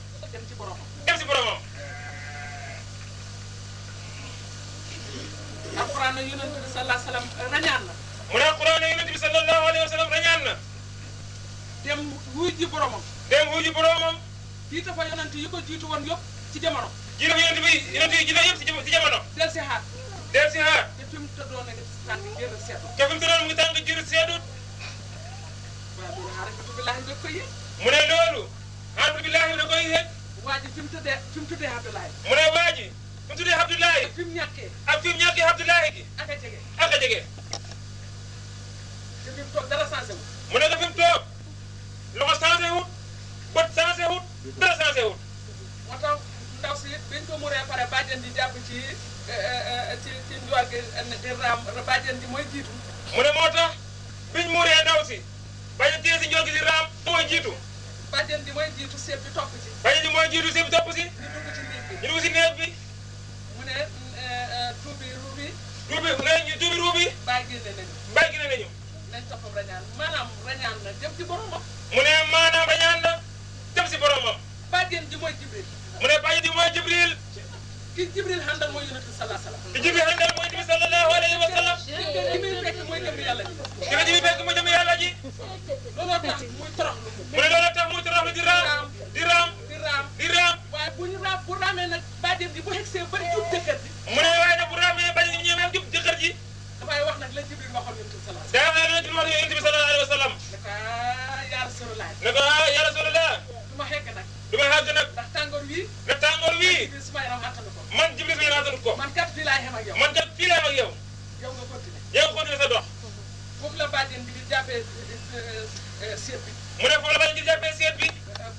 alquran ak yonent bi sallallahu alayhi wa sallam rañaan na. mu ne alquran ak yonent bi sallallahu alayhi wa sallam rañaan na. dem wuy ji boromam. dem wuy ji boromam. jiite fa yonent yi ko jiitu woon yëpp ci jamono. jiite fa yonent bi yonent yi jiite yëpp ci jamono. del si xaar. del si xaar. te fi mu tëddoon a ngi tànk jër seetut. te fi mu tëddoon mu ngi tànk jër seetut. waaw loolu xaaratu billaahi da koy yëg. mu ne loolu xaaratu billaahi da koy yëg. waa ji fi mu tëddee fi mu tëddee Abdoulaye. mu ne waa ji mu tuddee Abdoulaye. ak fi mu ñàkkee. ak fi mu ñàkkee Abdoulaye gi. ak a jege ak a jege. te fi mu toog dara sensé wut. mu ne fi mu toog loxo sensé wut bët sensé wut dara sensé moo tax ndaw si biñ ko muuree pare bàjjen di jàpp ci eh, eh, eh, ci ci njoor gi di raam bàjjen di mooy jiitu. mu ne moo tax biñ muuree ndaw si bàjjen téye si bi topp ci. bàjjen di mooy jiitu seet bi ci. ñu dugg bi. defee tuubi ruubi. ruubi léegi ñu tuubi ruubi. bàyyi génne nañu. bàyyi génne nañu. nañ toppam rañaan maanaam rañaan na jëm ci boromam. mu ne maanaam rañaan na jëm si boromam. bàjjen ji mooy Jibril. mu ne bàjjen ji mooy Jibril. ki Jibril handal mooy yonent bi sallallahu alayhi wa sallam. ki Jibril handal mooy yonent bi sallallahu alayhi wa sallam. ki muy fekk mooy jëm yàlla ji. ki nga ji muy fekk mooy jëm yàlla ji. looloo tax muy toroxlu. mu ne looloo tax muy toroxlu di raam. di raam di raam di raam. bu ñu ra bu raamee nag baadeem ji bu xegsee ba jub jëkkër ji. mu ne waaye nag bu raamee ba ñu ñëwee jub jëkkër ji. dafay wax nag la Jibril waxoon yonent bi salaam. daa wax yonent bi wax yonent bi sallallahu alayhi wa sallam. ne ko ah yaa Rasulullah. ne ko ah yaa Rasulullah. du ma xegg nag. du ma xegg nag. ndax tàngoor wii. ndax tàngoor wii. Jibril su ma yaram attanu ko. man Jibril su ma yaram attanu ko. man kat fii laay xam ak yow. man kat fii laay xam ak yow. yow nga continué. yow nga continué sa dox. foofu la baadeem bi di jàppee euh, euh, euh, seet bi. mu ne foofu la baadeem bi di jàppee seet bi.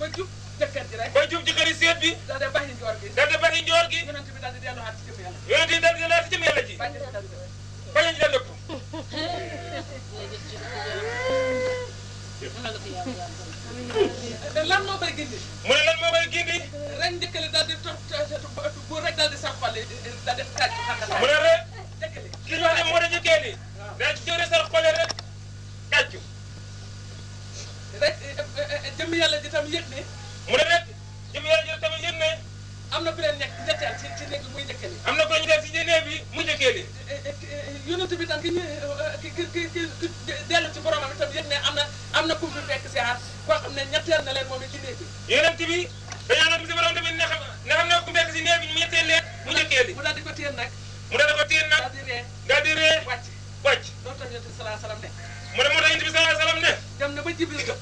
ba jub jëkkër ji rek ba jub ci këri seet bi daal di baxi njoor gi daal di baxi njoor gi yonent bi daal di delluwaat ci jëm yàlla yonent bi daal di delluwaat ci jëm yàlla ji bañu ci dëpp lan moo koy gindi mu ne lan moo koy gindi ren njëkkale daal di toog bu rek daal di sax xolli daal di tàcc xàq mu ne ren ko téen nag mu ne da ko téen nag daal di ree wàcc wàcc loolu tax yonent bi salaa salaam ne mu ne moo tax yonent bi salaa salaam ne dem na ba jibril gëm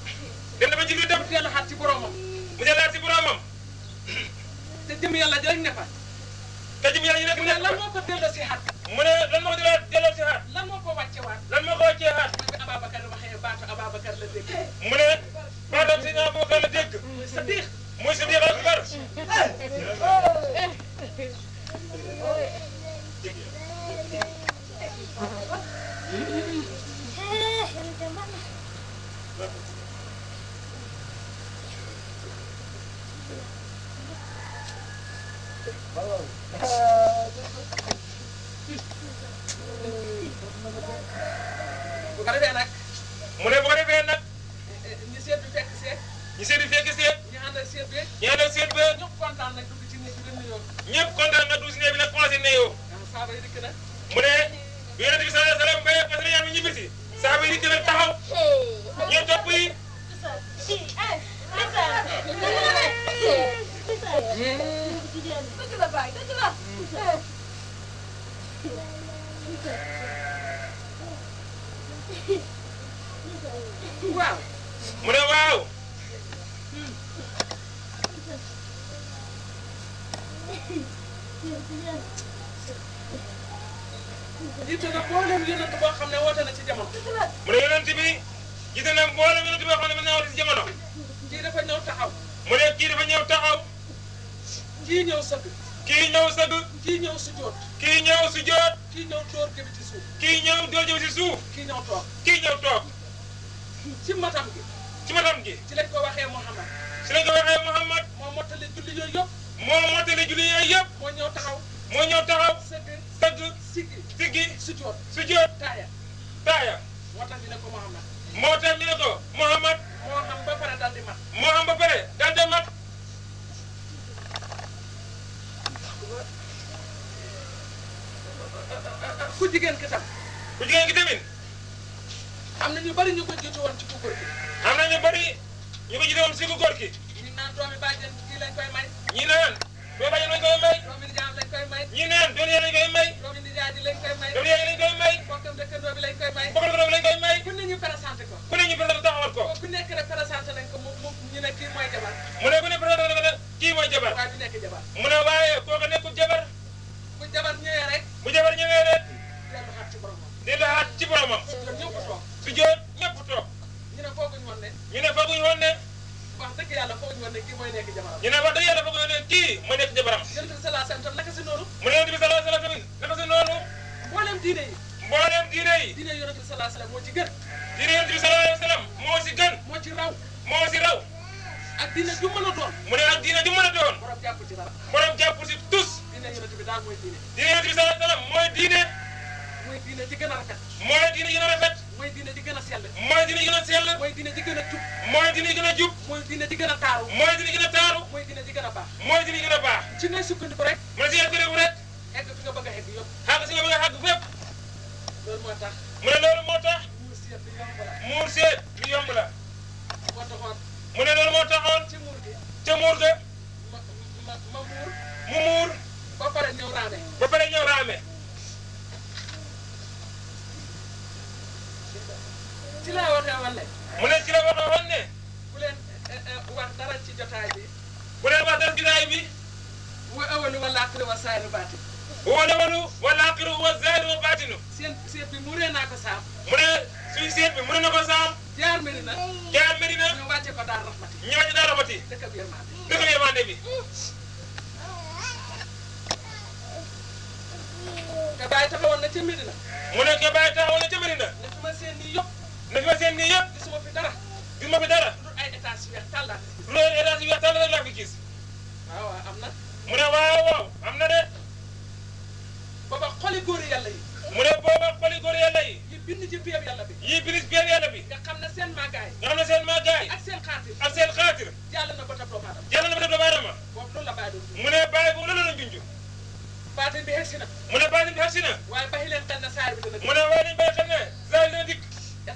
kii ñëw sëgg. kii ñëw sëgg. kii ñëw sujjoot. kii ñëw sujjoot. kii ñëw door jëm ci suuf. kii ñëw door jëm ci suuf. kii ñëw toog. kii ñëw toog. ci matam gi. ci matam gi. ci lañ ko waxee Mouhamad. ci lañ ko waxee Mouhamad. moo mottali julli yooyu yëpp. moo mottali julli yooyu yëpp. moo ñëw taxaw. moo ñëw taxaw. sëgg sëgg. siggi siggi. sujjoot sujjoot. taaya taaya. moo tax ñu ne ko Mouhamad. moo tax ñu ne ko Mouhamad. moo xam ba pare daal di mat. moo xam ba pare daal di mat. ku jigéen ki tam. ku jigéen ki tamit. am na ñu bari ñu ko jiitu woon ci ku góor gi. am na ñu bari ñu ko jiitu woon ci ku góor gi. ñi naan doomi bàjjen kii lañ koy may. ñi naan doomi bàjjen lañ koy may. doomi nijaam lañ koy may. ñi naan doomi yaay lañ koy may. doomi nijaay lañ koy may. doomi yaay lañ koy may. bokkam dëkkandoo bi lañ koy may. bokkam dëkkandoo bi lañ koy may. ku ne ñu présenté ko. ku ne ñu présenté taxawal ko. ku nekk rek présenté nañ ko mu mu ñu ne kii mooy jabar. mu ne ku ne présenté ko ne kii mooy jabar. waaye du nekk jabar. mu ne waaye kooku nekkul jabar. bu jabar ñëwee rek. bu jabar ñëwee rek di laat ci boromam. su jot ñëpp toog. ñu ne fooguñu woon ne. ñu ne fooguñu woon ne. wax dëgg yàlla fooguñu woon ne kii mooy nekk jabaram. ñu ne wax dëgg yàlla fooguñu woon ne kii mooy nekk jabaram. yonent bi salaa salaam tam naka si noonu. mu ne yonent bi salaa salaam tamit naka si noonu. mboolem diine yi. mboolem diine yi. diine yonent bi salaa salaam moo ci gën. diine yonent bi salaa salaam moo ci gën. moo ci raw. moo ci raw. ak diine ju mën a doon. mu ne ak diine ju mën a doon. borom jàpp ci dara. borom jàpp ci tous. diine yonent bi daal mooy diine. diine yonent bi salaa salaam mooy diine mooy diine ji gën a rafet. mooy diine ji gën a rafet. mooy diine ji gën a sell. mooy diine ji gën a sell. mooy diine ji gën a jub. mooy diine ji gën a jub. mooy diine ji gën a taaru. mooy diine ji gën a taaru. mooy diine ji gën a baax. mooy diine ji gën a baax. ci ngay sukkandiku rek. mu ne si yéen kuréel rek. egg fi nga bëgg a egg yëpp. xaaral si nga bëgg a xàgg fépp. loolu moo tax. mu ne loolu moo tax. muur seet li yomb la. muur seet li yomb la. moo taxoon. mu ne loolu moo taxoon. ca muur ga. ca muur ga. ma ma ma muur. mu muur. ba pare ñëw raame. waxoon ne. mu ne ci la waxoon ne. bu leen eh, eh, wax dara ci bi. bu leen wax dara ci jotaay bi. wa awalu wala aaxiru wa zaahiru baatinu. wa awalu wala aaxiru wa zaahiru baatinu. seen seet bi muuree naa ko saam. mu ne bi muuree na ko saam. jaar mbiri na. jaar mbiri na. ñu wàcce ko daal rahmati. ñu wàcce daal rahmati. dëkk bi yërmande bi dëkk bi yërmande bi. te bàyyi taxawoon na ca mbiri na. mu ne te bàyyi taxawoon na ca mbiri na. nag la seen nii yëpp gisuma fi dara gisuma fi dara lu dul ay étage yu weex tàll laa lu dul étage yu weex tàll rek laa fi gis waaw waaw am na mu ne waaw waaw am na de booba xoli góor yàlla yi mu ne booba xoli góor yàlla yi yi bind ci biir yàlla bi yi bind ci biir yàlla bi nga xam ne seen màggaay nga xam ne seen màggaay ak seen xaatir ak seen xaatir jàll na ba tab doomu aadama jàll na ba tab doomu aadama boobu loolu la bàyyi doon mu ne bàyyi boobu loolu la junj baatin bi xegsi na mu ne baatin bi xegsi na waaye bàyyi leen xel na saar bi dana mu ne waaye leen bàyyi xel ne saar bi dana dikk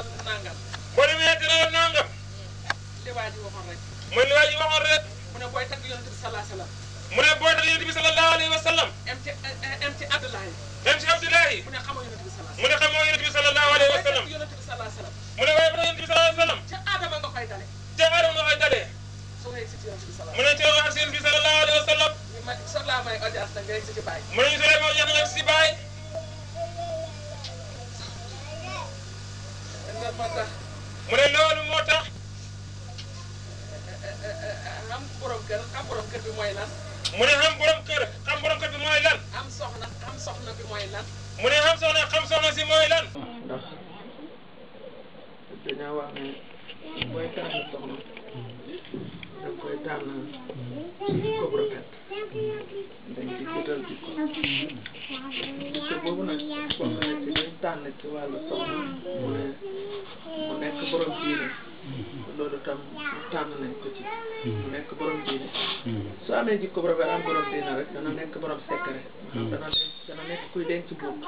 gënal nangam. boo demee gënal nangam. li waa ji waxoon rek. mooy li waa ji waxoon rek. mu ne booy tagg yonent bi sallallahu alayhi wa sallam. mu ne booy tagg yonent bi sallallahu alayhi wa sallam. em ci em ci Abdoulaye. em ci Abdoulaye. mu ne xamoo yonent bi sallallahu. mu ne xamoo yonent bi sallallahu alayhi wa sallam. mu ne waaye bu yonent bi sallallahu alayhi wa sallam. ca Adama nga koy dale. ca Adama nga koy dale. mu ne ci yonent bi sallallahu alayhi wa sallam. mu ne ñu soxlaa may audience nag nga si ci bàyyi. mu ne ñu soxlaa may audience nag si bàyyi. mu ne loolu moo tax. am borom kër xam borom kër bi mooy lan. mu ne xam borom kër xam borom kër bi mooy lan. am soxna xam soxna bi mooy lan. mu ne xam soxna xam soxna si mooy lan. ndax dañoo wax ne booy tànn soxna da koy tànn ko bu rafet. dañ ci ko te boobu nag bokk na ci liñ tànn ci wàllu soxna mu ne mu nekk borom diine loolu tam tànn nañ ko ci mu nekk borom diine su amee jikko borom am borom diine rek dana nekk borom secret dana dana nekk kuy denc buub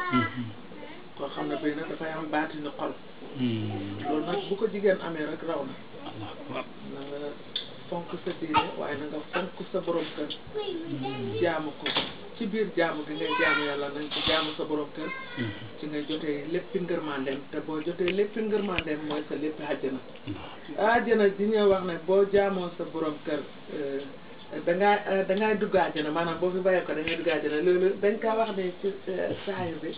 koo xam ne bii nag dafay am baatinu xol loolu nag bu ko jigéen amee rek raw na fonk sa diine waaye na fonk sa borom kër jaamu ko ci biir jaamu bi ngay jaamu yàlla nañ ko jaamu sa borom kër ci ngay jotee léppi ngërmandeem te boo jotee léppi ngërmandeem mooy sa léppi àjjana àjjana di ñuy wax ne boo jaamoo sa borom kër eh, da ngaa eh, da ngaa dugg maanaam boo fi bàyyee ko da ngay dugg àjjana loolu dañ kaa wax ne ci eh, saay bi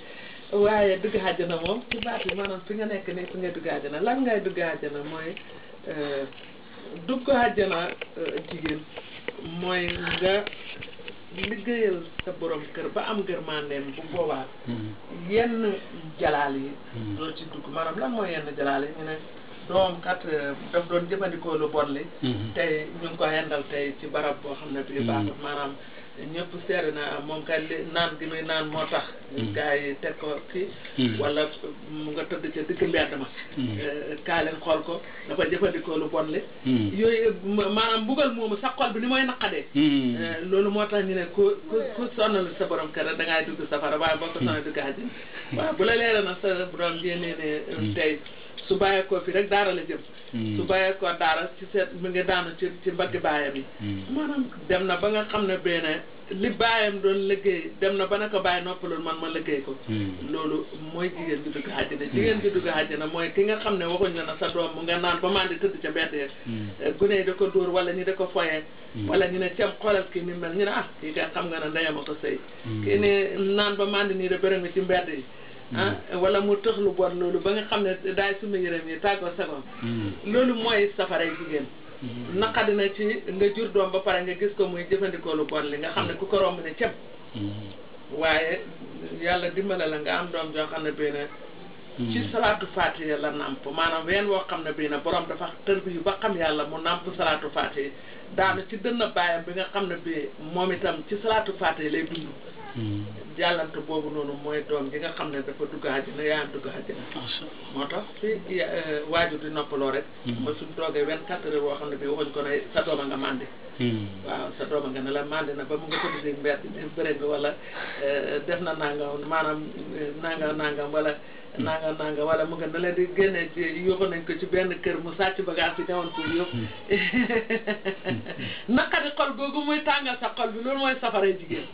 waaye dugg na moom ci baat bi maanaam fi nga nekk nii fi nga dugg àjjana lan ngay dugg àjjana mooy dugg àjjana euh, jigéen mooy nga liggéeyal sa borom kër ba am gërmandeem bu boobaa hmm. yenn jalaal yi hmm. doo ci dukk maanaam lan mooy yenn jalaal yi ñu ne doom kat euh, daf doon jëfandikoo lu bon li hmm. tey ñu ko hendal tey ci barab boo xam ne bii baaxul maanaam ñëpp seere na moom kay li naan gi muy naan moo tax mm. gars yi teg ko kii mm. wala mu nga tëdd ca digg mbedd ma mm. euh, kaa leen xool ko dafa jëfandikoo lu bon li yooyu maanaam buggal moomu sa xol bi ni mooy naqadee euh, loolu moo tax ñu ne ku ku ku sonnal sa borom kër da ngay dugg safara waaye boo ko sonnal dugg àjjana waaw bu la leera na sa borom su bàyyeekoo fii rek daara la jëm. Hmm. su bàyyeekoo daara ci seet mi ngi daanu ci ci mbagg baayam hmm. dem na ba nga xam ne bee ne li baayam doon liggéey dem na ba ne ko bàyyi noppaloon man ma liggéey ko. Hmm. loolu mooy jigéen bi dugg àjjana. jigéen bi dugg na mooy ki nga xam ne waxuñ la na sa doom mu nga naan ba maa di tëdd ca mbedd e gune yi ko dóor wala nii de ko foyee. wala ñu ne ceeb xoolal kii ni mel ñu ne ah kii nga xam nga ne ndeyam a ko sëy. kii ne naan ba maa nii de bëri nga ci mbedd yi. ah mm. wala mu tëx lu bon loolu ba nga xam ne daay suma yërëm yi tàggoo sagom mm. loolu mooy safaray jigéen mm. naqadi na ci nga jur doom ba pare nga gis ko muy jëfandikoo lu bon li nga xam ne ku ko romb ne cëpp waaye yàlla dimbale la nga am doom joo xam ne bii ne ci salaatu faatiha la nàmp maanaam ween woo xam ne bii ne borom dafa tër bi yu ba xam yàlla mu nàmp salaatu faatiha daanu ci dënn baayam bi nga xam ne bii moom itam ci salaatu faatiha lay dund Mm. jàllante boobu noonu mooy doom ji nga xam ne dafa dugg àjjana yaayam dugg àjjana moo tax fi eh, waajur di noppaloo rek mooy mm. suñ toogee vingt quatre heures boo xam ne bi waxuñ ko ne sa dooma nga màndi mm. waaw sa dooma nga na la màndi na ba mu nga tëdd si mbedd bi bëre bi wala eh, def na nangam maanaam eh, nangam nangam wala nanga nanga wala mu nga na leen di génne ci yóbbu nañ ko ci benn kër mu sàcc bagage bi ñëwoon pour yóbbu naqari xol googu muy tàngal sa xol bi loolu mooy safara jigéen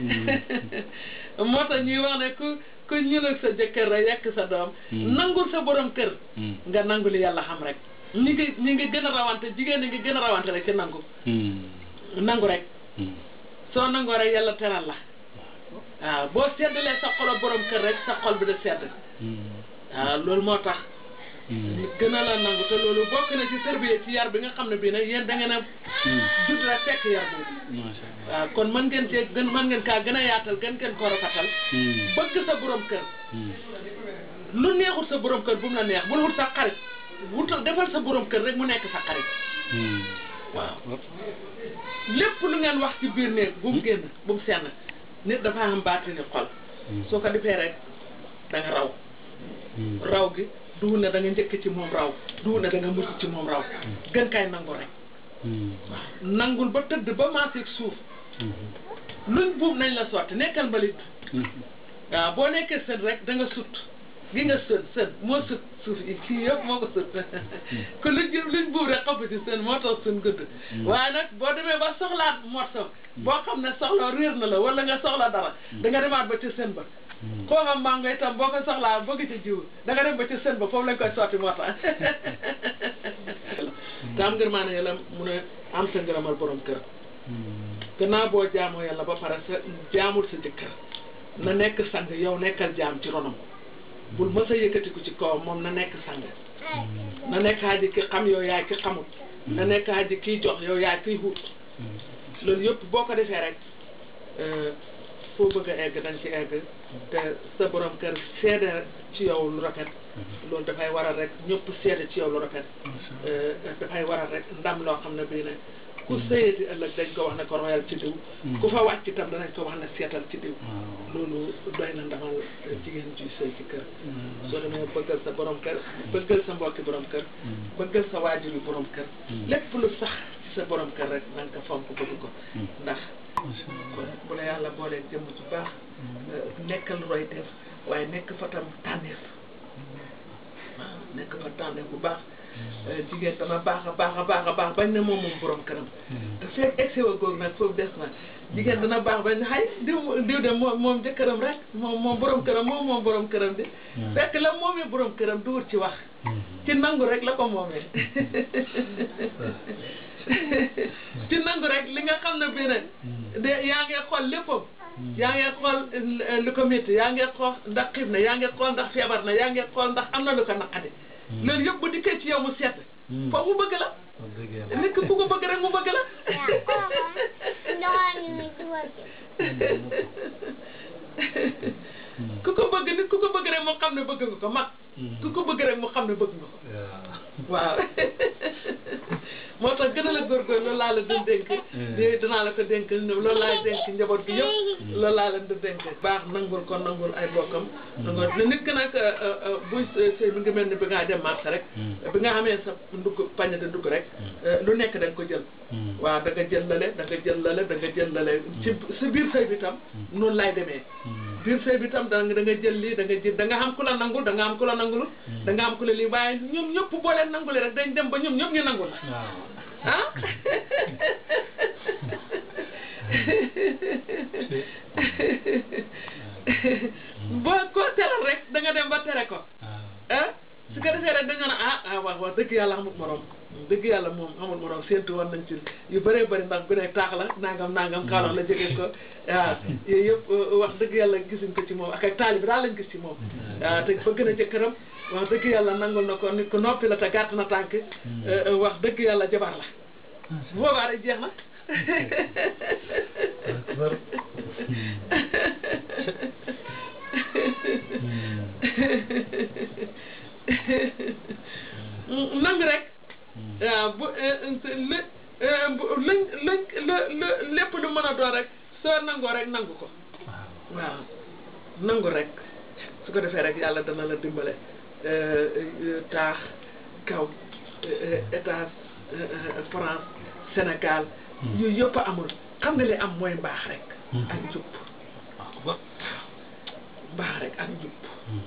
mm. moo tax ñuy wax ne ku ku ñulag sa jëkkër rek yekk sa doom mm. nangul sa borom kër mm. nga nanguli yàlla xam rek ñi ngi ñi ngi gën a rawante jigéen ñi ngi gën a rawante rek ci nangu nangu rek soo nangoo rek yàlla teral la waaw boo seddalee sa xolo boroom kër rek sa xol bi da sedd hmm. waaw loolu moo tax hmm. gën a la nangu te loolu bokk na ci tërbiye ci yar bi nga xam ne bii nag yéen da ngeen a hmm. judd la yar boobu waaw kon mën ngeen cee gën mën ngeen kaa gën a yaatal gën ngeen ko rafetal bëgg sa boroom kër lu neexul sa borom kër bu mu la neex bul wut sa xarit wutal defal sa boroom kër rek mu nekk sa xarit waaw lépp lu ngeen wax ci biir néeg bu mu génn bu mu senn nit dafa am baatini xol hmm. soo ko defee rek da raw hmm. raw gi duwul ne da nga njëkk ci moom raw duwul ne da nga ci moom raw hmm. gën kaay nangu rek nangul ba tëdd ba maasig suuf luñ buub nañ la sotti nekkal mbalit waaw boo nekkee sët rek da nga sut li nga sën sën moo sët suuf yi kii yëpp moo ko sët kon luñ jëm luñ buub rek xam ci sën moo tax sën gëdd hmm. waaye nag boo demee ba soxlaat morsom hmm. boo xam ne soxla réer na la wala nga soxla dara hmm. da nga demaat ba ci sën ba koo xam mango tam boo ko soxlaa bëgg ci jiw da nga dem ba ci sën ba foofu lañ koy sotti moo tax te am ngërmaane yàlla mu ne am sa ngërëmal borom kër gannaaw boo jaamoo yàlla ba pare sa jaamul sa jëkkër na nekk sang yow nekkal jam ci ronom bul mës a yëkkatiku ci kaw moom na nekk sang na nekk aji ki xam yow yaay ki xamut na nekk aji kiy jox yow yaay kiy loolu yëpp boo ko defee rek euh, foo bëgg egg dañ ci egg te sa borom kër seede ci yow lu rafet loolu dafay waral rek ñëpp seede ci yow lu rafet euh, dafay waral rek ndam loo xam ne bii ku sëyeeti ëllëg dañ ko wax ne ko royal ci diw mm. ku fa wàcc itam danañ ko wax ne seetal ci diw loolu doy na ndamal jigéen ji sëy ci kër mm. soo demee bëggal sa borom kër bëggal sa mbokki borom kër mm. bëggal sa waajur yu borom kër lépp lu sax ci sa borom kër rek na nga ko fonk bëgg ko ndax kon bu la yàlla boolee jëmm ci baax euh, nekkal roy def waaye nekk fa tam tànneef nekk un tandem bu baax euh, jigéen dama baax a baax a baax a baax bañ na moom moom borom këram hmm. te fekk egg sewa góor nag foofu des na jigéen dana baax bañ na xay diw moom moom jëkkëram rek moom moom borom këram moom moom borom këram di hmm. fekk la moomee borom këram duwut ci wax hmm. ci nangu rek la ko moomee ci nangu rek li nga xam ne bii nag de yaa ngi xool léppam yaa ngi xool euh, lu ko métti yaa ngi xool ndax xiif na yaa ngi xool ndax feebar na yaa ngi xool ndax am na lu ko naqadi Hmm. loolu yëpp bu dikkee ci yow mu sedd hmm. foofu mu bëgg la nit ki bu ko bëgg rek mu bëgg la hmm. ku ko bëgg nit ku ko bëgg rek mu xam ne bëgg nga ko mag ku ko bëgg rek mu xam ne bëgg nga moo tax gën a la góorgóor loolu laa la doon dénk léegi eh. dinaa la ko dénk loolu laay dénk njaboot gi yëpp mm. loolu laa leen di dénk baax nangul ko nangul ay bokkam mm. nangul ne nit ki nag euh, euh, euh, buy sëy mi nga mel ni bi ngaa dem marché rek mm. bi nga xamee sa ndugg pañe de dugg rek lu nekk da ko jël waaw da nga jël lale da nga jël lale da nga jël lale ci si biir sëy bi tam noonu laay demee biir sëy bi tam da nga jël lii da nga jël da nga xam ku la nangul da nga xam ku la nangul da nga xam ku la lii waaye ñoom ñëpp boo leen nangulee rek dañ dem ba ñoom ñëpp ñu nangul Ah, Bako tere rek da nga dem ba ko. Ah. Su ah, defee ah ah wax wax dëgg yàlla dëgg yàlla moom amal morom séntu woon nañ ci yu bëree bëri ndax bu ne taax la nangam nangam kaalax la jógee ko waaw yooyu yëpp euh, wax dëgg yàlla gisuñ ko ci moom ak ay taalibi daal lañ gis ci moom waaw te bëgg na jëkkëram wax dëgg yàlla nangul na ko nit ku noppi la te gàtt na tànk euh, euh, wax dëgg yàlla jabar la bu boobaa rek jeex na nangu rek Euh, bu lañ lañ la lépp lu a doon rek soo nangoo rek nangu ko waaw nangu rek su ko defee rek yàlla dana la dimbale euh, euh, taax kaw état France Sénégal hmm. yooyu yëpp amul xam nga li am mooy mbaax rek ak hmm. ak jub ah, hmm.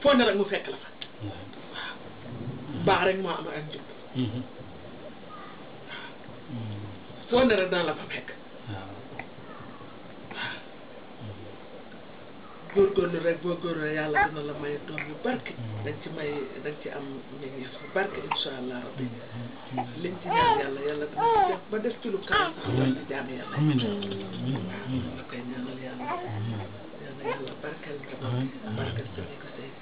foo ne rek mu fekk la baax rek moo am ak jub mm-hmm. foo ne rek dana la fa fekk mm-hmm. góorgóorlu rek boo góorlu rek yàlla dina la may doom yu barke mm-hmm. dañ ci may dañ ci am meññeef bu barke insha allah rabbi liñ ci ñaan yàlla yàlla dina ci def ba def ci lu karam sax doon ci jaam yàlla waaw la koy ñaanal yàlla yàlla yàlla barkeel njaboot barkeel